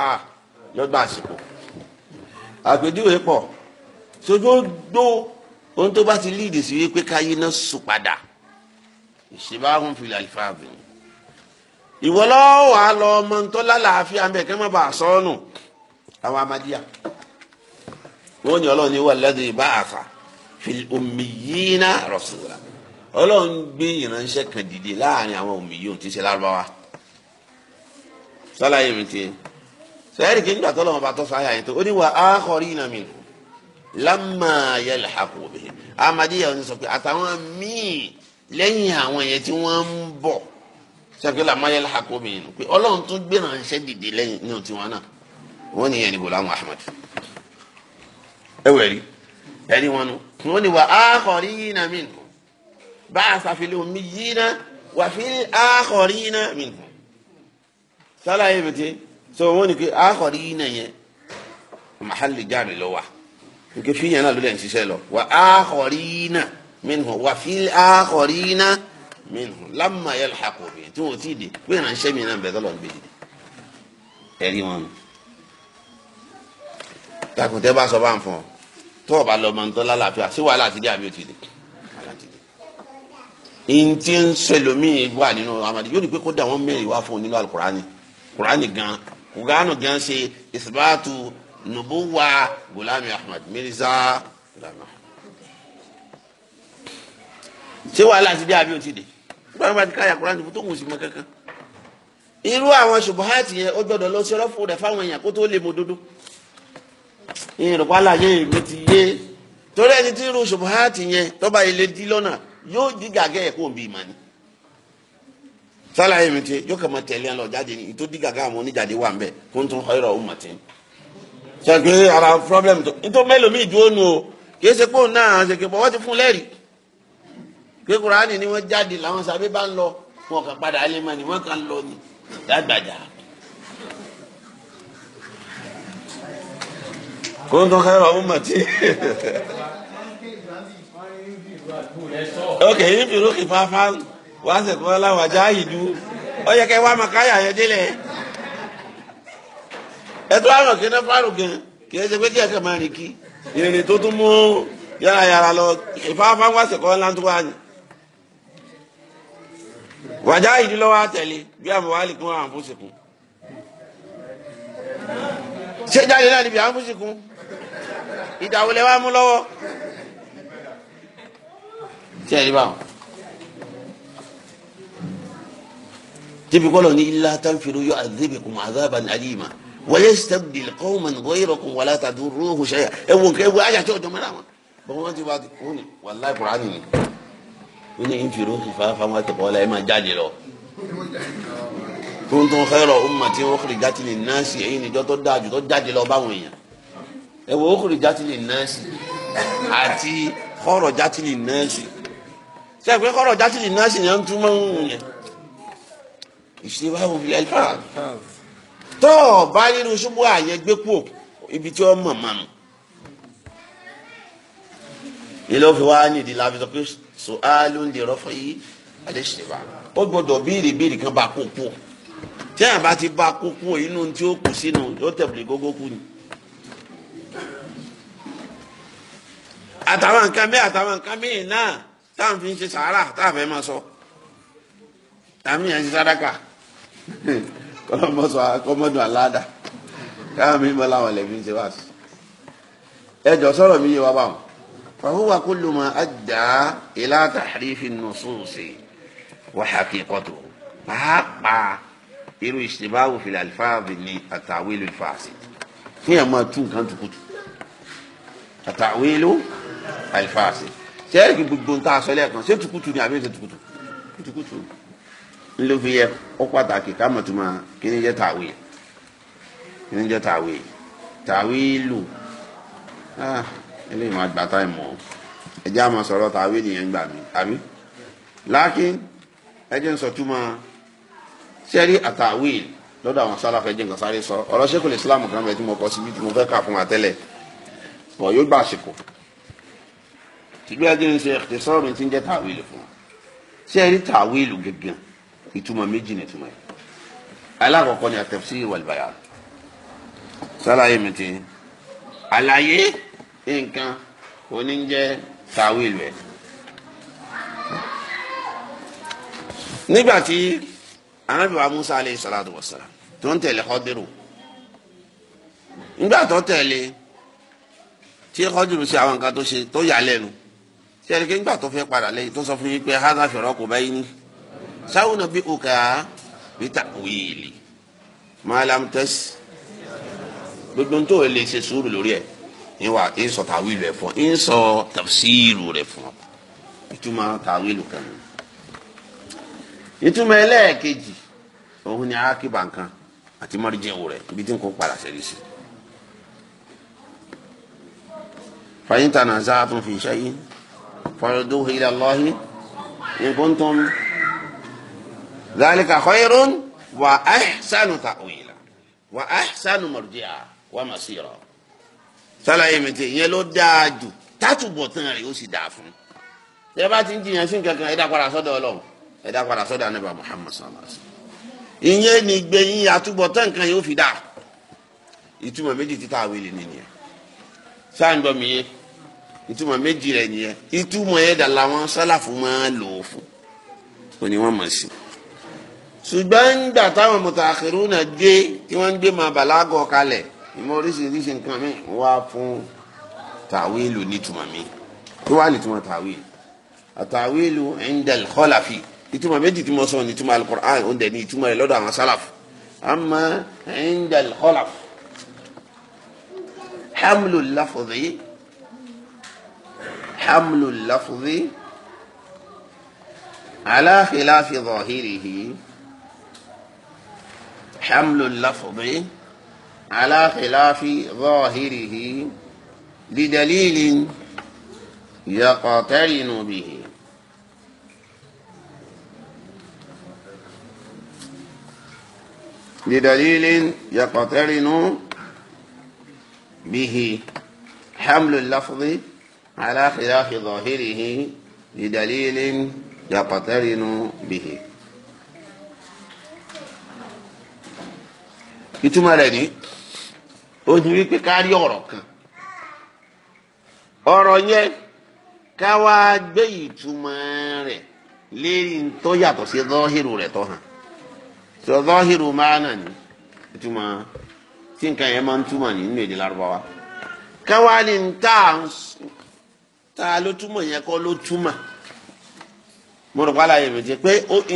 ah, lọ́gbà àsìkò àpèjúwe pọ̀ sojú ó gbó ohun tó bá ti líìdì sí wípé káyé náà sùn padà ìṣèbáhùn fìlà ìfàbì ìwọ lọ́wọ́ wàá lọ ọmọ ń tọ́lá làáfíà mẹ́ẹ̀ kẹ́ má bàa sọ́ọ́nù àwọn amadíyà wọ́n ní ọlọ́run ní wà lẹ́dọ̀ ìbá àfà fìlùmíyínà rọ̀ṣùlá ọlọ́run gbé ìránṣẹ́ kan dìde láàrin àwọn òmìyí òun ti ṣe lárúbáwá sálàyé mi tiẹ̀ sẹ́yìn kí n gbà tọ́lọ́mọ bá tọ́sọ àyà yẹn tó ó ní wa akharina minhum lamma yalhaqu bihim amadiya ọ̀hún sọ pé àtàwọn míì lẹ́yìn àwọn yẹn tí wọ́n ń bọ̀ sẹ́yìn pé lamma yalhaqu bihim pé ọlọ́run tún gbéra ṣẹ́ dìde lẹ́yìn ní òtí wọn náà wọ́n ní yẹn Ghulam Ahmad ẹ wẹ̀ rí ẹni wọn nu wọ́n ní wa akharina minhum ba'atha fil ummiyina wa fil akharina minhum sálàyé mi ti so wọn ni pé akọ̀rí yìí nà yẹn mahali jáde lọ wa nke fi yẹn náà ló lẹ̀ ń ṣiṣẹ́ lọ wa akọ̀rí yìí nà minhu wa fi akọ̀rí yìí nà minhu lamma yalhaqu bi tí wọn ti di pé ìrànṣẹ́ mi náà bẹ̀ tọ́lọ̀ ń bẹ̀ dìde ẹ̀rí wọn nù takùntẹ́ bá sọ bá ń fún ọ tó o bá lọ mọ̀ntọ́ lálàáfíà sí wàhálà àti dé àbí òtí dé ntí ń sẹlómi wà nínú amadi yóò di pé kó dà wọn mẹ́rin wá fún un nínú alukurani kurani gan kurani gan ṣe isbaatu nubuwa gulami ahmed mirza gulami ahmed ṣé wàhálà ti dé àbí o ti dé gbọ́dọ̀ bá ti káyà kurani tó ń sì mọ kankan irú àwọn ṣubuhati yẹn ó gbọ́dọ̀ lọ sí ọlọfọ rẹ fáwọn èèyàn kó tó lè mọ dodo ìrùpàlà yẹn èmi ti yé torí ẹni tí irú ṣubuhati yẹn tọ́ba ilé dí lọ́nà yóò dí gàgẹ́ ẹ̀kọ́ òbí ìmọ̀ ni sálàyé mi ti yóò kàn máa tẹ̀lé ẹ lọ jáde ní ìtòdí gàgà àwọn oníjàde wà nbẹ kó n tún khayra ummatin. ṣàgbé ara problem tó nítorí mélòó mi ìdúró nu o kì í ṣe pé òun náà ṣe kí wọ́n ti fún lẹ́rìí pé kúránì ni wọ́n jáde làwọn sábẹ́ bá ń lọ wọn kàn padà alẹ́ mọ́ ni wọ́n kàn lọ ni dágbàjà. kó n tún khayra ummatin. ok yín fi rúkì fáfáà wàá sẹ̀kọ́ láwọn ajá ìdú ó yẹ kẹ́ wá máa káyà yẹn délẹ̀ ẹtọ́ àrùn kí náà fárùn gan kì í ṣe pé kí ẹ̀kẹ́ máa rìn kí ìrìn tó tún mú yàrá yàrá lọ ìfáfá wá sẹ̀kọ́ ńlá tó wá ní. wàjá ìdú lọ́wọ́ àtẹ̀lé bí àmọ́ wàá lè kún àwọn àfúnṣekùn ṣé jáde náà níbi àfúnṣekùn ìdàwọlẹ̀ wa mú lọ́wọ́ ṣé ẹ̀rí báwọn. débi kọ́ lọ ní ilá tanfiru yu'adhibukum adhaban alima wa yastabdil qawman ghayrakum wa la tadurruhu shay'a ẹ wò kẹ́ ẹ wò ayé àti ọ̀dọ́ mẹ́ra wọn. bọ́n wọn ti wá ti kú ni wàláhì kùránì ni wọn ní ìfiru fífa wọn ti kọ́ la ẹ máa jáde lọ. kuntum khayra ummatin ukhrijat linnasi èyí níjọ́ tó dáa jù tó jáde lọ báwọn èèyàn ẹ wò ukhrijat linnasi àti kharajat linnasi sẹ́ẹ̀pẹ́ kharajat linnasi ni à ń túmọ̀ ń yẹn ìṣèwáwò ilẹ̀ alfáà tọ́ ọ bá nínú ṣubú àyẹ gbé kú ibi tí wọ́n mọ̀ mọ́nu. ilé òfin wa ní ìdílé abisọ pé sùhálù ń lè rọ́fọ́ yìí alẹ́ṣẹ̀wá ó gbọ́dọ̀ béèrè béèrè kan bá kú kú tí àbá ti bá kú kú inú tí ó kù sínú yóò tẹ̀lé gógó kú ni. àtàwọn nǹkan bẹ́ẹ̀ àtàwọn nǹkan bẹ́ẹ̀ náà táwọn fi ń ṣe sàárà táwọn fẹ́ máa sọ tàmí ẹ̀ ń ṣe sàdákà kọlọmọsọ akọmọdún aláàdá káwọn mi mọ láwọn ẹlẹmí ṣe wá sí ẹjọ sọ̀rọ̀ mi yé wa báwọn fàhùwà kullu ma adda ila tahrifi nususi wa haqiqatu pàápàá irú ìṣèbáwò fìlà alifáàbì ni àtàwílù ìfàsì kéèyàn máa tú nǹkan tukutu àtàwílù alifàsì sẹ́yìn gbogbo ń ta aṣọ lẹ́ẹ̀kan ṣé tukutu ni àbí ṣe tukutu tukutu ló fi yẹ ó pàtàkì kámọ̀túmọ̀ kí ni jẹ́ tàwé kí ni jẹ́ tàwé tàwé lù ah, eléyìí máa gbà táì mọ́ ẹjẹ́ àmọ́ sọ̀rọ̀ tàwé nìyẹn gbà mí àbí lákín ẹjẹ́ ń sọ túmọ̀ sẹ́rí àtàwé lọ́dọ̀ àwọn sálàfẹ́ jẹ́ nǹkan sáré sọ ọ̀rọ̀ sẹ́kùn Islam kan bẹ̀ tí mo kọ́ síbi tí mo fẹ́ kà fún wa tẹ́lẹ̀ bọ̀ yóò gbà àsìkò tìlú ẹjẹ́ ń ṣe ẹ̀kẹ́sọ́ọ̀mù tí ń jẹ́ tàwé lù fún wa sẹ́rí tàwé lù gẹ́gẹ́ ìtumọ̀ méjì ni ìtumọ̀ yìí alákọ̀ọ́kọ́ ni at-tafsir wal-bayan sálàyé mi ti àlàyé nǹkan oníjẹ́ tàwílù ẹ̀ nígbà tí Ànábì wa Musa aleyhi salatu wa salam tó ń tẹ̀lé Khadiru nígbà tó tẹ̀lé tí Khadiru ṣe àwọn nǹkan tó ṣe tó yà lẹ́nu tí ẹni pé fẹ́ padà lẹ́yìn tó sọ fún yín pé hadha firaqu bayni. sáwùnà bí òkà bí tàwíìlì gbogbo tó lè ṣe sùúrù lórí ẹ ìwà ìsọ tàwíìlù rẹ fún ìsọ tafsíìrù rẹ fún ìtumọ̀ tàwíìlù kan ìtumọ̀ ẹlẹ́ẹ̀kejì òun ni akíba nǹkan àti mọ́rìjẹ́wò rẹ ibi tí n kò padà ṣẹ́rí fi dhalika khayrun wa ahsanu ta'wila wa ahsanu marji'a wa masira sálàyé mi ti ìyẹn ló dáa jù tátùbọ̀ tán rẹ̀ ó sì dáa fún un tẹ bá ti ń jiyàn sí nǹkan kan ẹ dá padà sọ́dọ̀ Ọlọ́run ẹ dá padà sọ́dọ̀ anaba Muhammad sallallahu alaihi wasallam ìyẹn ní gbẹ̀yìn àtúbọ̀tán nǹkan yóò fi dà ìtumọ̀ méjì títà àwìlì nìyẹn sáàǹdọ̀ mi yẹ ìtumọ̀ méjì rẹ̀ nìyẹn ìtumọ̀ yẹn dà làwọn sálàfù máa lò ó fún òní wọ́n mọ̀ sí i ṣùgbọ́n nígbà táwọn mùtàkìrú náà gbé tí wọ́n ń gbé máa bàlágọ̀ kalẹ̀ ìmọ̀ oríṣiríṣi nǹkan mi wá fún tàwílù nítumọ̀ mi tó wà nítumọ̀ tàwílù àtàwílù indal khalafi ìtumọ̀ méjì tí mo sọ ní ìtumọ̀ alukur'an ó dẹ̀ ní ìtumọ̀ rẹ̀ lọ́dọ̀ àwọn sálàfù àmọ́ indal khalafi hamlu lafzi hamlu lafzi ala khilafi zahirihi. حمل اللفظ على خلاف ظاهره بدليل يقترن به بدليل يقترن به حمل اللفظ على خلاف ظاهره بدليل يقترن به ìtumọ̀ rẹ̀ ni, ó ní wípé ká rí ọ̀rọ̀ kan ọ̀rọ̀ yẹn ká wá gbé ìtumọ̀ rẹ̀ lérí tó yàtọ̀ sí dọ́hìrù rẹ̀ tó hàn sọ dọ́hìrù máa nà ní ìtumọ̀ tí nǹkan yẹn máa ń túmọ̀ nínú èdè lárúbáwá ká wá ní ta ta ló túmọ̀ yẹn kọ́ ló túmọ̀ mo rò pálá yẹn mi jẹ pé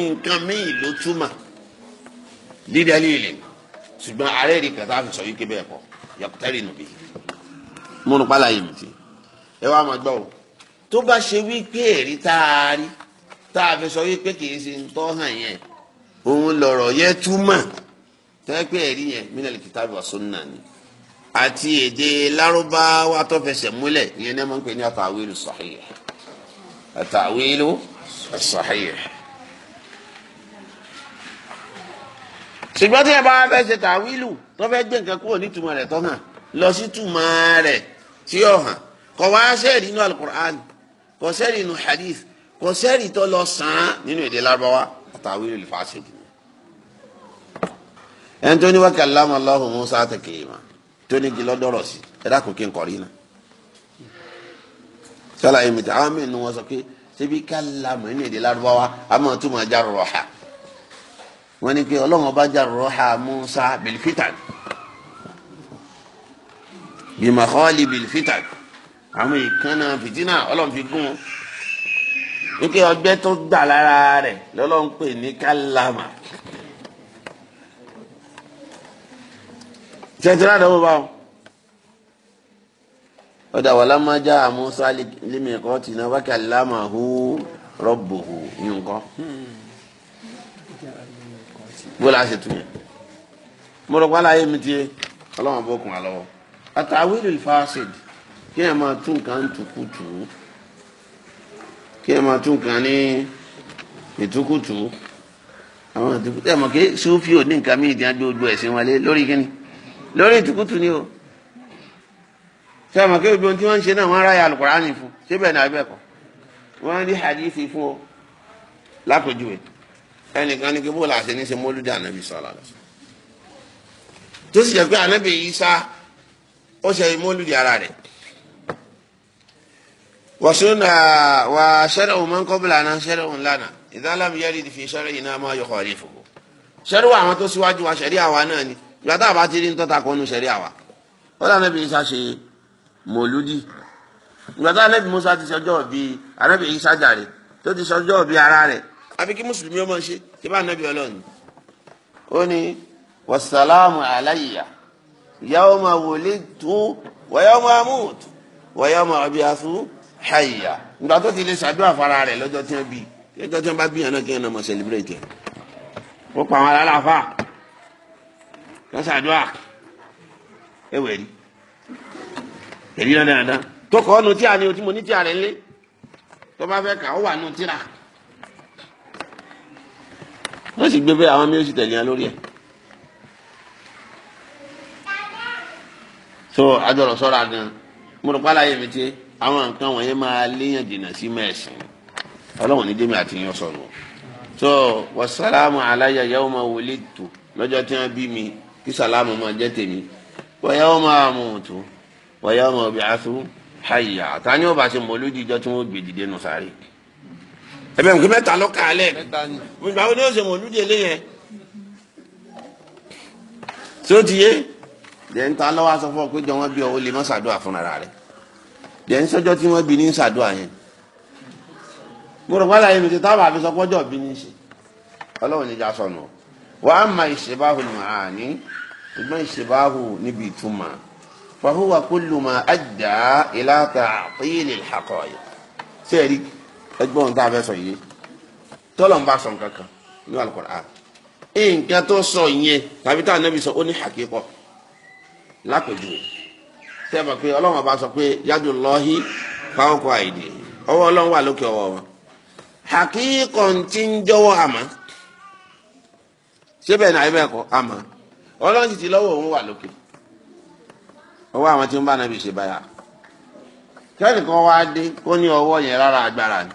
nǹkan míì ló túmọ̀ dídẹ́lì ìlẹ̀mí ṣùgbọ́n ààrẹ rí kàtà fi sọ yìí kébẹ̀ ẹ̀kọ́ yàkùtẹ́rì nù bí. múnú pálá yìí mi ti ẹ wá máa gbọ́ o tó bá ṣe wípé èrí tá a rí tá a fi sọ wípé kì í ṣe ń tọ́ hàn yẹn òun lọ̀rọ̀ yẹn túmọ̀ tẹ́pẹ́ ẹ̀rí yẹn mílíọ̀nù kìtàbí wa sunna ni àti èdè lárúbáwá tó fẹsẹ̀ múlẹ̀ ìyẹn ní ẹ máa ń pè ní àtàwílù sahih àtàwílù sahih. ṣùgbọ́n tí ẹ bá fẹ́ ṣe tàwílù tó fẹ́ gbé nǹkan kúrò nítumọ̀ rẹ̀ tó hàn lọ sí túmọ̀ rẹ̀ tí ó hàn kò wá sẹ́ẹ̀rì inú alukur'an kò sẹ́ẹ̀rì inú hadith kò sẹ́ẹ̀rì tó lọ sàn án nínú èdè lárúbáwá àtàwílù lè fà ṣe dùn. ẹn tó ní wa kallama Allahu Musa taklima tó ní kí lọ́dọ̀rọ̀ sí ẹ dákun kí n kọ̀ rí náà. sọlá yìí mi tẹ àwọn mí wọ́n ní pé ọlọ́run ọba jà rọ́ha musa bilfitan bimakọ́ọ̀lì bilfitan àwọn ìkànnà fìtínà ọlọ́run fi gún un wípé ọgbẹ́ tó gbà lára rẹ̀ lọ́lọ́run pè ní kálámà. tẹ̀tẹ̀rẹ́ àdánwò báwọn. ọ̀dà wàlá máa musa límẹ̀kọ́ tìǹbà kálámà hù rọ́bù hù nǹkan bó la ṣe tún yẹn mo rọ pé aláyé mi ti yé ọlọ́wọ́n bó kùn wá lọ́wọ́ àtàwílù fásid kí ẹ máa tún nǹkan tùkùtù kí ẹ máa tún nǹkan ní ìtùkùtù àwọn ìtùkùtù ẹ mọ̀ kí sùfì ò ní nǹkan mí ìdí àjọ ojú ẹ̀sìn wọlé lórí kíni lórí ìtùkùtù ni o ṣé ẹ mọ̀ kí gbogbo tí wọ́n ń ṣe náà wọ́n ráyà Al-Qur'ani fún ṣé bẹ́ẹ̀ ni àbẹ́ẹ̀kọ́ wọ́n rí hadithi fún ọ lápèjúwe ẹnìkan ní kí bó làṣẹ ní ṣe mọ́lúdì ànábì sọ̀rọ̀ àlọ́ tó sì jẹ́ pé ànábì Ìsá ó ṣe mọ́lúdì ara rẹ̀ wàsúnà wà shar'u man qablana shar'u lana idha lam yarid fi shar'ina ma yukhalifuhu shar'u àwọn tó síwájú wa ṣẹ̀rí àwa náà ni ìgbà tá a bá ti rí nítorí ta kọ́nu ṣẹ̀rí àwa ó dà ànábì Ìsá ṣe mọ́lúdì ìgbà tá ànábì Mùsá ti ṣọjọ́ bíi ànábì Ìsá jàre tó ti ṣọjọ́ bíi ara rẹ̀ àfi kí mùsùlùmí ọmọ ṣe tí bá nàbí ọlọ́run ó ní wasalaamu alayya yawma wulidtu wa yawma amut wa yawma abiyasu hayya nígbà tó ti lè ṣàdúrà fara rẹ̀ lọ́jọ́ tí wọ́n bí lọ́jọ́ tí wọ́n bá bí yàn náà kí wọ́n náà mọ̀ celebrate ẹ̀ ó pa àwọn aláfa kí ṣàdúrà ẹwẹ̀ rí èyí náà dáadáa tó kọ́ ọ́ nu tí a ní o tí mo ní tí a rẹ̀ lé tó bá fẹ́ kà ó wà nu tíra wọ́n sì gbé bẹ́ẹ̀ àwọn míì sì tẹ̀lé wọn lórí ẹ̀. so àjọrò sọ́ra gan mo rò pálá yẹn mi ti àwọn nǹkan wọ̀nyẹn máa léèyàn jìnnà sí mẹ́ẹ̀sìn ọlọ́run ní démi àti yan sọ̀rọ̀ so wasalaamu alayya yawma wulidtu lọ́jọ́ tí wọ́n bí mi kí salaamu máa jẹ́ tèmi wa yawma amutu wa yawma ubi'athu hayya àtàní ò bá ṣe mọ̀lúdì ìjọ tí wọ́n gbèdìde nù sáré ẹ bẹ nkú mẹ́ta lọ kàálẹ ìgbà wo ni ó ṣe mọ olùdí ẹlẹ yẹn tí ó ti yé dẹ̀ ń ta lọ́wọ́ aṣọ fún ọ pé jọ wọ́n bí ọ lè má ṣàdúrà fúnra rẹ̀ dẹ̀ ń sọ́jọ́ tí wọ́n bí ní ṣàdúrà yẹn mo rò wálá yẹn mi ti táwọn àfi sọpọ́ jọ̀ bí ní ṣe ọlọ́run ní já sọnù wà á ma ìṣèbáhù ní màá ní ṣùgbọ́n ìṣèbáhù níbi ìtumọ̀ fàhùwà kúlùmọ̀ àjà ìlàtà àpéyèlè àkọ́yè sẹ́ẹ̀rí ẹgbẹ́ ohun tá sọ yìí tọ́lọ̀ bá sọ nǹkan kan ní Al-Qur'an nǹkan tó sọ yẹn tàbí tá ànábì sọ ó ní hakíkọ lápèjúwe tẹ́ pé ọlọ́run ọba sọ pé yadullahi fawqa aidi ọwọ́ ọlọ́run ọwọ́ wọn ti ń jọwọ́ àmọ́ ṣé bẹ́ẹ̀ ni àyè bẹ́ẹ̀ kọ́ àmọ́ ti lọ́wọ́ òun wà lókè ọwọ́ àwọn tí ń bá ṣe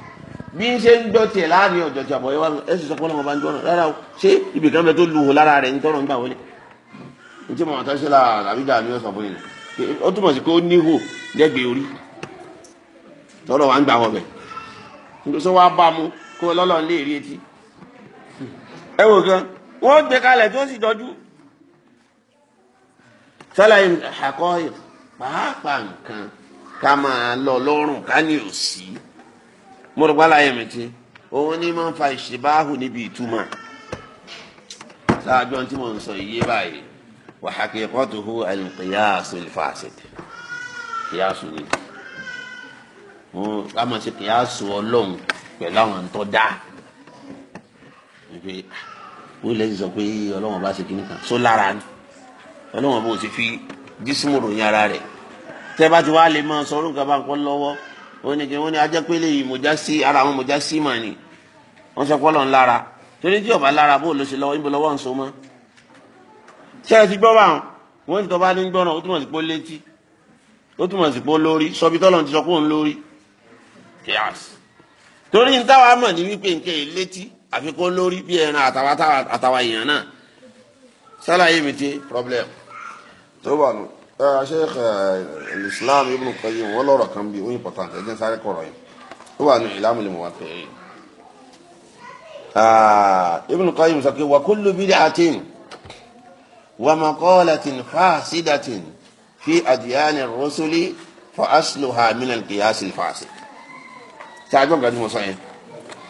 bí n ṣe ń jọ ẹ̀ láàrin ọ̀jọ̀ tí ẹ sọ ń rárá o ṣé ibì kan bẹ tó lu lára rẹ ń tọrọ wọlé n tí ṣe la làbídà ni ó sọ fún yìí ó túmọ̀ sí pé ó orí wa mu kó lọ́lọ́ ń lé èrè etí ẹ wò wọ́n gbé kalẹ̀ tó sì jọjú àkọ́ pàápàá nǹkan ká máa lọ lọ́rùn mo rò pálá yẹn mi ti òun ní máa ń fa ìṣèbáhù níbi ìtumọ̀ sáájú tí mo ń sọ iye báyìí wa haqiqatuhu al-qiyasu al-fasid kìyàsù ni mo ká máa ṣe kìyàsù ọlọ́run pẹ̀lú àwọn tó dá wípé wọ́n lè sọ pé ọlọ́run bá ṣe kíní kan só lára ni ọlọ́run bó ti fi jísímù ròyìn ara rẹ̀ tẹ́ bá ti wá lè máa sọ orúkọ bá ń kọ́ lọ́wọ́ wọ́n ní kí wọ́n ní ajẹ́pẹ́lẹ́ yìí mọ̀já ara wọn mọ̀já sí mà ní wọ́n sọ pọ́lọ̀ ńlára torí tí ọba lára bó ló ṣe lọ́wọ́ níbo lọ́wọ́ ń so mọ́. ṣé ẹ ti gbọ́ bá wọn wọ́n ní tọ́ba ní gbọ́ràn ó túmọ̀ sí pé ó létí ó túmọ̀ sí pé ó lórí sọbi tọ́lọ̀ ti sọ pé òun lórí torí ń táwa mọ̀ ní wípé nǹkan yìí létí àfi lórí bí ẹran àtàwa èèyàn náà sálàyé mi ti problem tó bọ̀ nù. Eh, sheikh eh, islam ibn qayyim wọn lọ́rọ̀ kan bí ó important ẹjẹ sáré kọrọ yìí ó wà ní ìlàmù lè mọ wọn pẹ̀lú ibn qayyim sọ pé wa kullu bid'atin wa maqalatin fasidatin fi adyanir rusuli fa asluha min al-qiyas al-fasid tí a mo sọ yẹn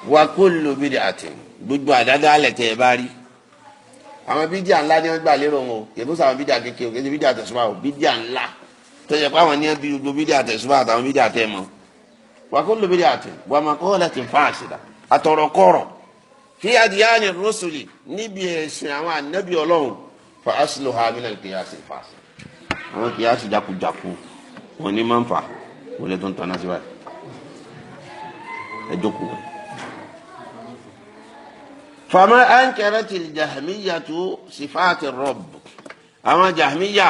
wa kullu bid'atin gbogbo àdáda alẹ̀ tẹ̀ ẹ bá rí àwọn bídíà ńlá ni wọ́n gbà lérò wọn o yẹ̀bú sàwọn bídíà kékeré o kéde bídíà tẹ̀sùmá o bídíà ńlá tẹ̀yẹ̀ pé àwọn níyẹn bí gbogbo bídíà tẹ̀sùmá àtàwọn bídíà tẹ̀ mọ́ wàkó ló bídíà tẹ̀ wà má kọ́ láti fa àṣìlá àtọ̀rọ̀kọ̀rọ̀ fi adìyàní rọ́sùlì níbi ẹ̀sìn àwọn ànábì ọlọ́run fa aṣìlò ha mílẹ̀ kìyàsì fa àwọn kìyàsì jakujaku wọn ni máa ń fa wọlé tó ń tọ́ná síbáyìí ẹ fama ankẹrẹti jahamiya tu sifaati rọb àwọn jahamiya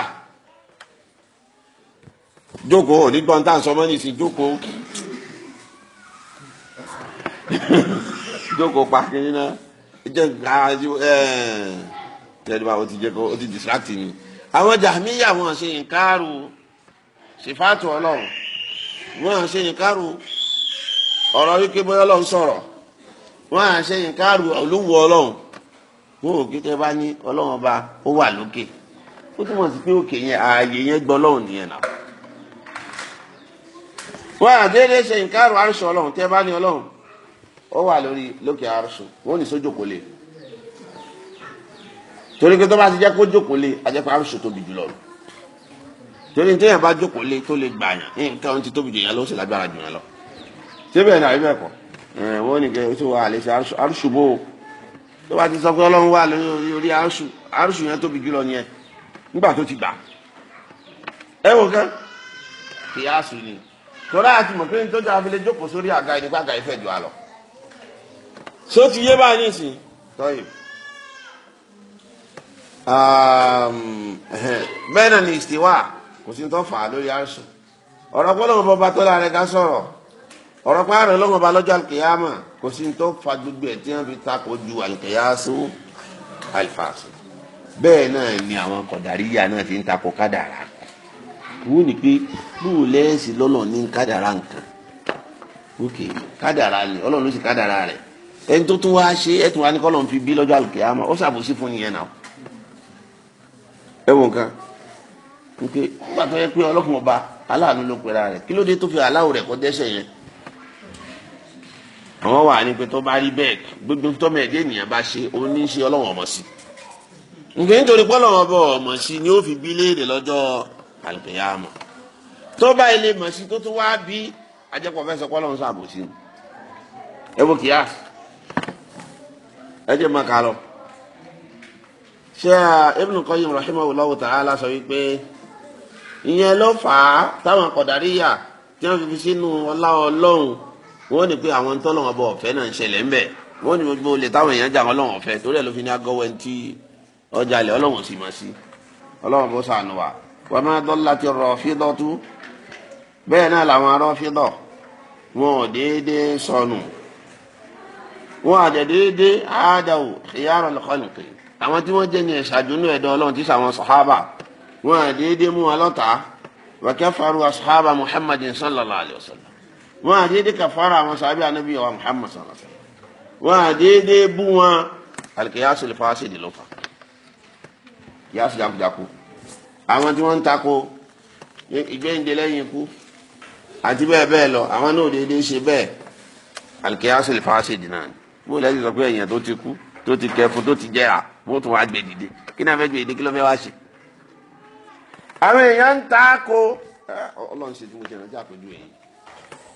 jókòó onígbọ̀n tá à ń sọmọ́ ní ìsìn jókòó jókòó pàkínní náà jẹ́ gbàájú tẹ́lifà ó ti jẹ́ kó ó ti distract mi àwọn jahamiya wọn ṣe nkaaru sifaati ọlọ́run wọn ṣe nkaaru ọ̀rọ̀ wípé bóyá ọlọ́run sọ̀rọ̀ wọn à ṣe ìkárù olówó ọlọ́run wọn ò kíkẹ́ bá ní ọlọ́run ọba ó wà lókè ó túmọ̀ sí pé òkè yẹn ààyè yẹn gbọ́ ọlọ́run nìyẹn náà wọn à déédé ṣe ìkárù arṣọ ọlọ́run tẹ́ bá ní ọlọ́run ó wà lórí lókè arṣọ wọn ò ní sójòkó lé torí pé tó bá ti jẹ́ kó jókòó lé àjẹpọ̀ arṣọ tóbi jùlọ rẹ̀ torí téèyàn bá jókòó lé tó lè gbàyàn nǹkan tí tóbi jù yẹn ló sì lágbára jù yẹn lọ síbẹ̀ ní àríwẹ̀ kan wọ́n nìkan tó wà àlẹ́ sí arúṣù bò tó bá ti sọ pé ọlọ́run wà lórí arúṣù arúṣù yẹn tóbi jùlọ nìyẹn nígbà ti gbà ẹ wò kán ni tọ́lá àti mọ̀ pé ní tọ́jú àfilẹ̀ jókòó sórí àga ìdíkọ́ ìfẹ́ jù so ti yé báyìí nìsín tọ́yìn bẹ́ẹ̀ náà ni ìsìnwá kò sí tó fà á lórí ọ̀rọ̀ ọ̀rọ̀ pààrọ̀ lọ́wọ́ ba lọ́jọ́ alìkèyàmà kò sí ní tó fa gbogbo ẹ̀ tí wọ́n fi takò ju alìkèyàsó alifàsó bẹ́ẹ̀ náà ni àwọn kọ̀dàríyà náà fi ń takò kádàrà wù ní pé lóò lẹ́ẹ̀sì lọ́lọ́ ní kádàrà nǹkan ok kádàrà ni ọlọ́run ló sì kádàrà rẹ̀ ẹni tó tún wá ṣe ẹ̀ tún wá ní kọ́lọ́n fi bí lọ́jọ́ alìkèyàmà ó ṣàbòsí fún yẹn náà ẹ wọ nǹkan nígbà tó yẹ pé ọlọ́kùnrin ọba aláàánú ló pera rẹ̀ kí ló dé tó fi aláwọ̀ rẹ̀ kọ́ dẹ́sẹ̀ yẹn àwọn wà ní pé tó bá rí bẹ́ẹ̀ gbogbo tọ́mọ ẹ̀dẹ́ ènìyàn bá ṣe ó ní í ṣe ọlọ́wọ̀n ọmọ sí nǹkan nítorí pé ọlọ́wọ̀n ọba ọmọ sí ni ó fi bí léèrè lọ́jọ́ àlùkìyàmọ̀ tó bá ilé mọ̀ sí tó tún wá bí ajẹ́pọ̀ fẹ́ sọ pé ọlọ́run sàbò sí ni ẹ wo kìá ẹ jẹ́ máa kà lọ. ṣé Ibn Qayyim rahimahullahu ta'ala sọ wípé ìyẹn ló fà á táwọn kọ̀dáríyà tí wọ́n fi fi sínú ọlá ọlọ́run wọ́n ní pé àwọn tọ́lọ́wọ́n bọ̀ ọ̀fẹ́ náà ń ṣẹlẹ̀ ńbẹ̀ wọ́n ní gbogbo olè táwọn èèyàn jà ọlọ́wọ́n ọ̀fẹ́ torí ẹ̀ ló fi ní agọ́wẹ́ ti ọjà ilẹ̀ ọlọ́wọ́n sì mọ̀ sí ọlọ́wọ́n bó sànù wa wọ́n máa dọ́là ti rọ̀ fídọ́ tú bẹ́ẹ̀ náà làwọn arọ́ fídọ̀ wọn ò déédéé sọnù wọn àjẹ déédéé àádáwò ìyáàrọ̀ lọ́kọ̀lùkì àwọn tí wọ́n jẹ́ ní ẹ̀ṣàdúnú ẹ̀dọ́ ọlọ́run tí sàwọn sọ̀hábà wọn àdéédéé mú wọn lọ́tàá wàkẹ́fàrú asọ̀hábà Muhammadin sallallahu alayhi wa sallam wọn à déédéé kàfàrà àwọn sàbí anabi wa muhammad sallallahu alaihi wasallam wọn à déédéé bú wọn alikiyasu lè fàá sídìí ló fà yasu jakujaku àwọn tí wọn ń takò ìgbẹ́yìndé lẹ́yìn ikú àti bẹ́ẹ̀ bẹ́ẹ̀ lọ àwọn náà déédéé ṣe bẹ́ẹ̀ alikiyasu lè fàá sídìí náà bó lẹ́yìn sọ pé èèyàn tó ti kú tó ti kẹfun tó ti jẹrà bó tún wàá gbèdìde kí náà fẹ́ gbèdìde kí ló fẹ́ wá ṣe àwọn èèyàn ń takò ọlọ́run ṣe tí mo ṣe rántí àpèjú ẹ̀yìn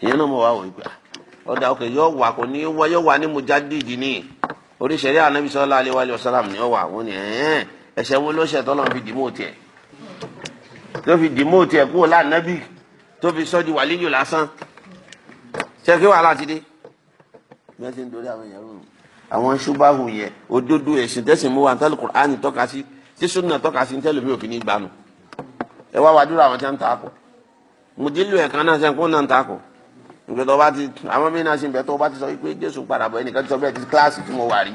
ìyẹn náà mo wá wòye pé ah, ọ̀dà ọkọ̀ yóò wà kò ní wá yóò wà ní mujadidi ní oríṣiríṣi anabi sallallahu alaihi wa sallam ni ó wà wọ́n ni ẹ̀ṣẹ̀ wo ló ṣẹ̀ tọ́lọ́ fi dìímọ̀ tiẹ̀ tó fi dìímọ̀ tiẹ̀ kúrò lánàbì tó fi sọ́ di wàlíyù lásán ṣé kí wàhálà ti dé bí ń dorí àwọn èèyàn àwọn ṣubahu yẹn òdodo ẹ̀sìn tẹ̀sìn mú wa ní tẹ́lẹ̀ Kùránì tọ́ka sí tí sunna tọ́ka sí ní tẹ́lẹ̀ mi ò fi ní gbanu ẹ wá wá dúró àwọn tí wọ́n ń ta kọ mùdílù ẹ̀ka náà ṣe náà ń ta kọ ìgbẹ́ tó bá ti àwọn mí náà sì ń bẹ tó bá ti sọ pé Jésù padà bọ̀ ẹnìkan ti sọ bẹ́ẹ̀ ti kíláàsì tí mo wà rí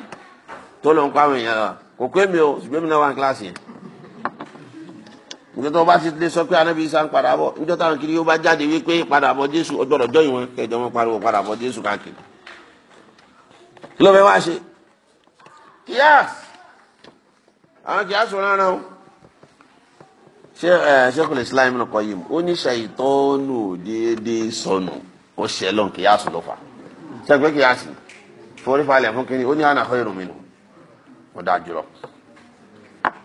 tó lọ ń kọ́ àwọn èèyàn lọ kò pé mi o ṣùgbọ́n mi náà wà ní kíláàsì yẹn ìgbẹ́ tó bá ti lè sọ pé anábì Isa ń padà bọ̀ níjọ́ táwọn kiri yóò bá jáde wípé padà bọ̀ Jésù ọjọ́ ọjọ́ ìwọ̀n kẹjọ wọn pariwo padà bọ̀ Jésù káàkiri kí ló fẹ́ wá ṣe kíyàs àwọn kíyàs wọn rárá o ṣé ẹ ṣé kò lè ṣe láì mí ó ṣe lọ́n kìyàsù ló fà ṣẹ́gbẹ́ kìyàsù forífalẹ̀ fún kínní ó ní àná khairu minhu ó dáa jùlọ.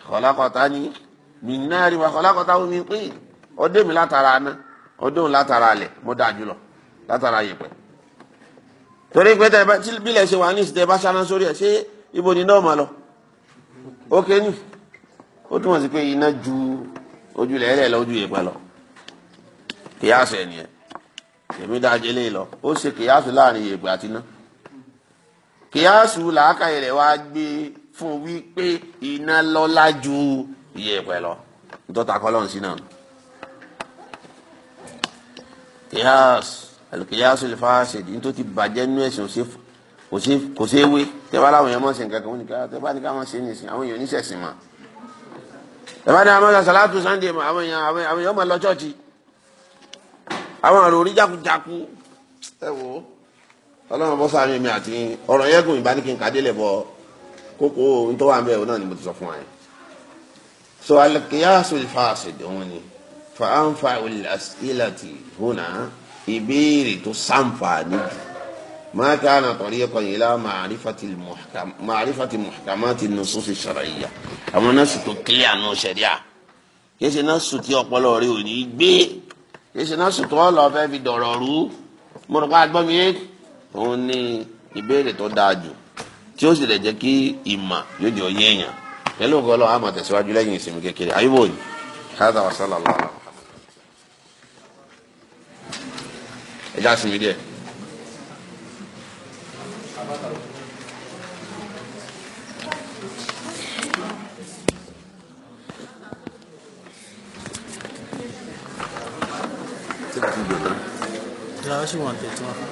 khalaqatani min nari wa khalaqatahu min tin ó dé mi látara aná ó dóhùn látara alẹ̀ mo dáa jùlọ látara yẹ̀pẹ̀. torí pé bílẹ̀ ṣe wà ní ìsìtẹ́ bá ṣáná sórí ẹ̀ ṣé ibo ni náà máa lọ ó kéènì ó túmọ̀ sí pé iná ju ojúlẹ̀ ẹ̀rẹ̀ lọ ojú yẹ̀pẹ̀ lọ kìyàsù ẹ̀ nìyẹn èmi dájẹ́ lé lọ ó ṣe kìyàsù láàrin ìyègbè àti iná kìyàsù làákàyè rẹ̀ wá gbé fún wípé iná lọ́lá ju ìyègbè lọ nítorí àkọ́ lọ́run sí náà kìyàsù alùkìyàsù lè fa ṣèdí nítorí bàjẹ́ nínú ẹ̀sìn kò ṣe é wé tẹ́bá láwọn èèyàn mọ̀ sí nǹkan kan wọ́n ní ká tẹ́bá ní ká wọ́n ṣe é nìsín àwọn èèyàn oníṣẹ̀sìn mọ̀ tẹ́bá ní àwọn ọmọ sàlátù sànńdé àwọn èèyàn àwọn èèyàn mọ̀ lọ ṣọ́ọ̀ṣì àwọn àròrí jákujáku ẹ wò ó ọlọ́run bọ́ sáà mímí àti ọ̀rọ̀ yẹn gùn ìbánikí ń kadé lẹ̀ bọ́ kókó ntọ́ wa bẹ́ẹ̀ náà ni mo ti sọ fún wa yẹn. so alikiyasu fasid òun ni fa'anfa ilati huna ìbéèrè tó sànfààní jù máa àná tọ́lé ẹ̀kọ́ yìí lá màrífàtì muhkamati nususi shar'iyya àwọn náà sì tó kílíà náà ṣẹ̀ríà kí ẹ ṣe náà sùn tí ọpọlọ rẹ ò ní gbé kì í ṣe náà sùtọ́ ọ lọ fẹ́ fi dọ̀rọ̀ rú mo rò pé agbọ́n mi yé òun ní ìbéèrè tó dáa jù tí ó sì lè jẹ́ kí ìmọ̀ yóò di òye èèyàn pẹ̀lú ògo Ọlọ́run àmọ̀ tẹ̀síwájú lẹ́yìn ìsinmi kékeré ayíbo ni káàdà wà sálà lọ́wọ́ ẹja sinmi díẹ̀. らしくなっい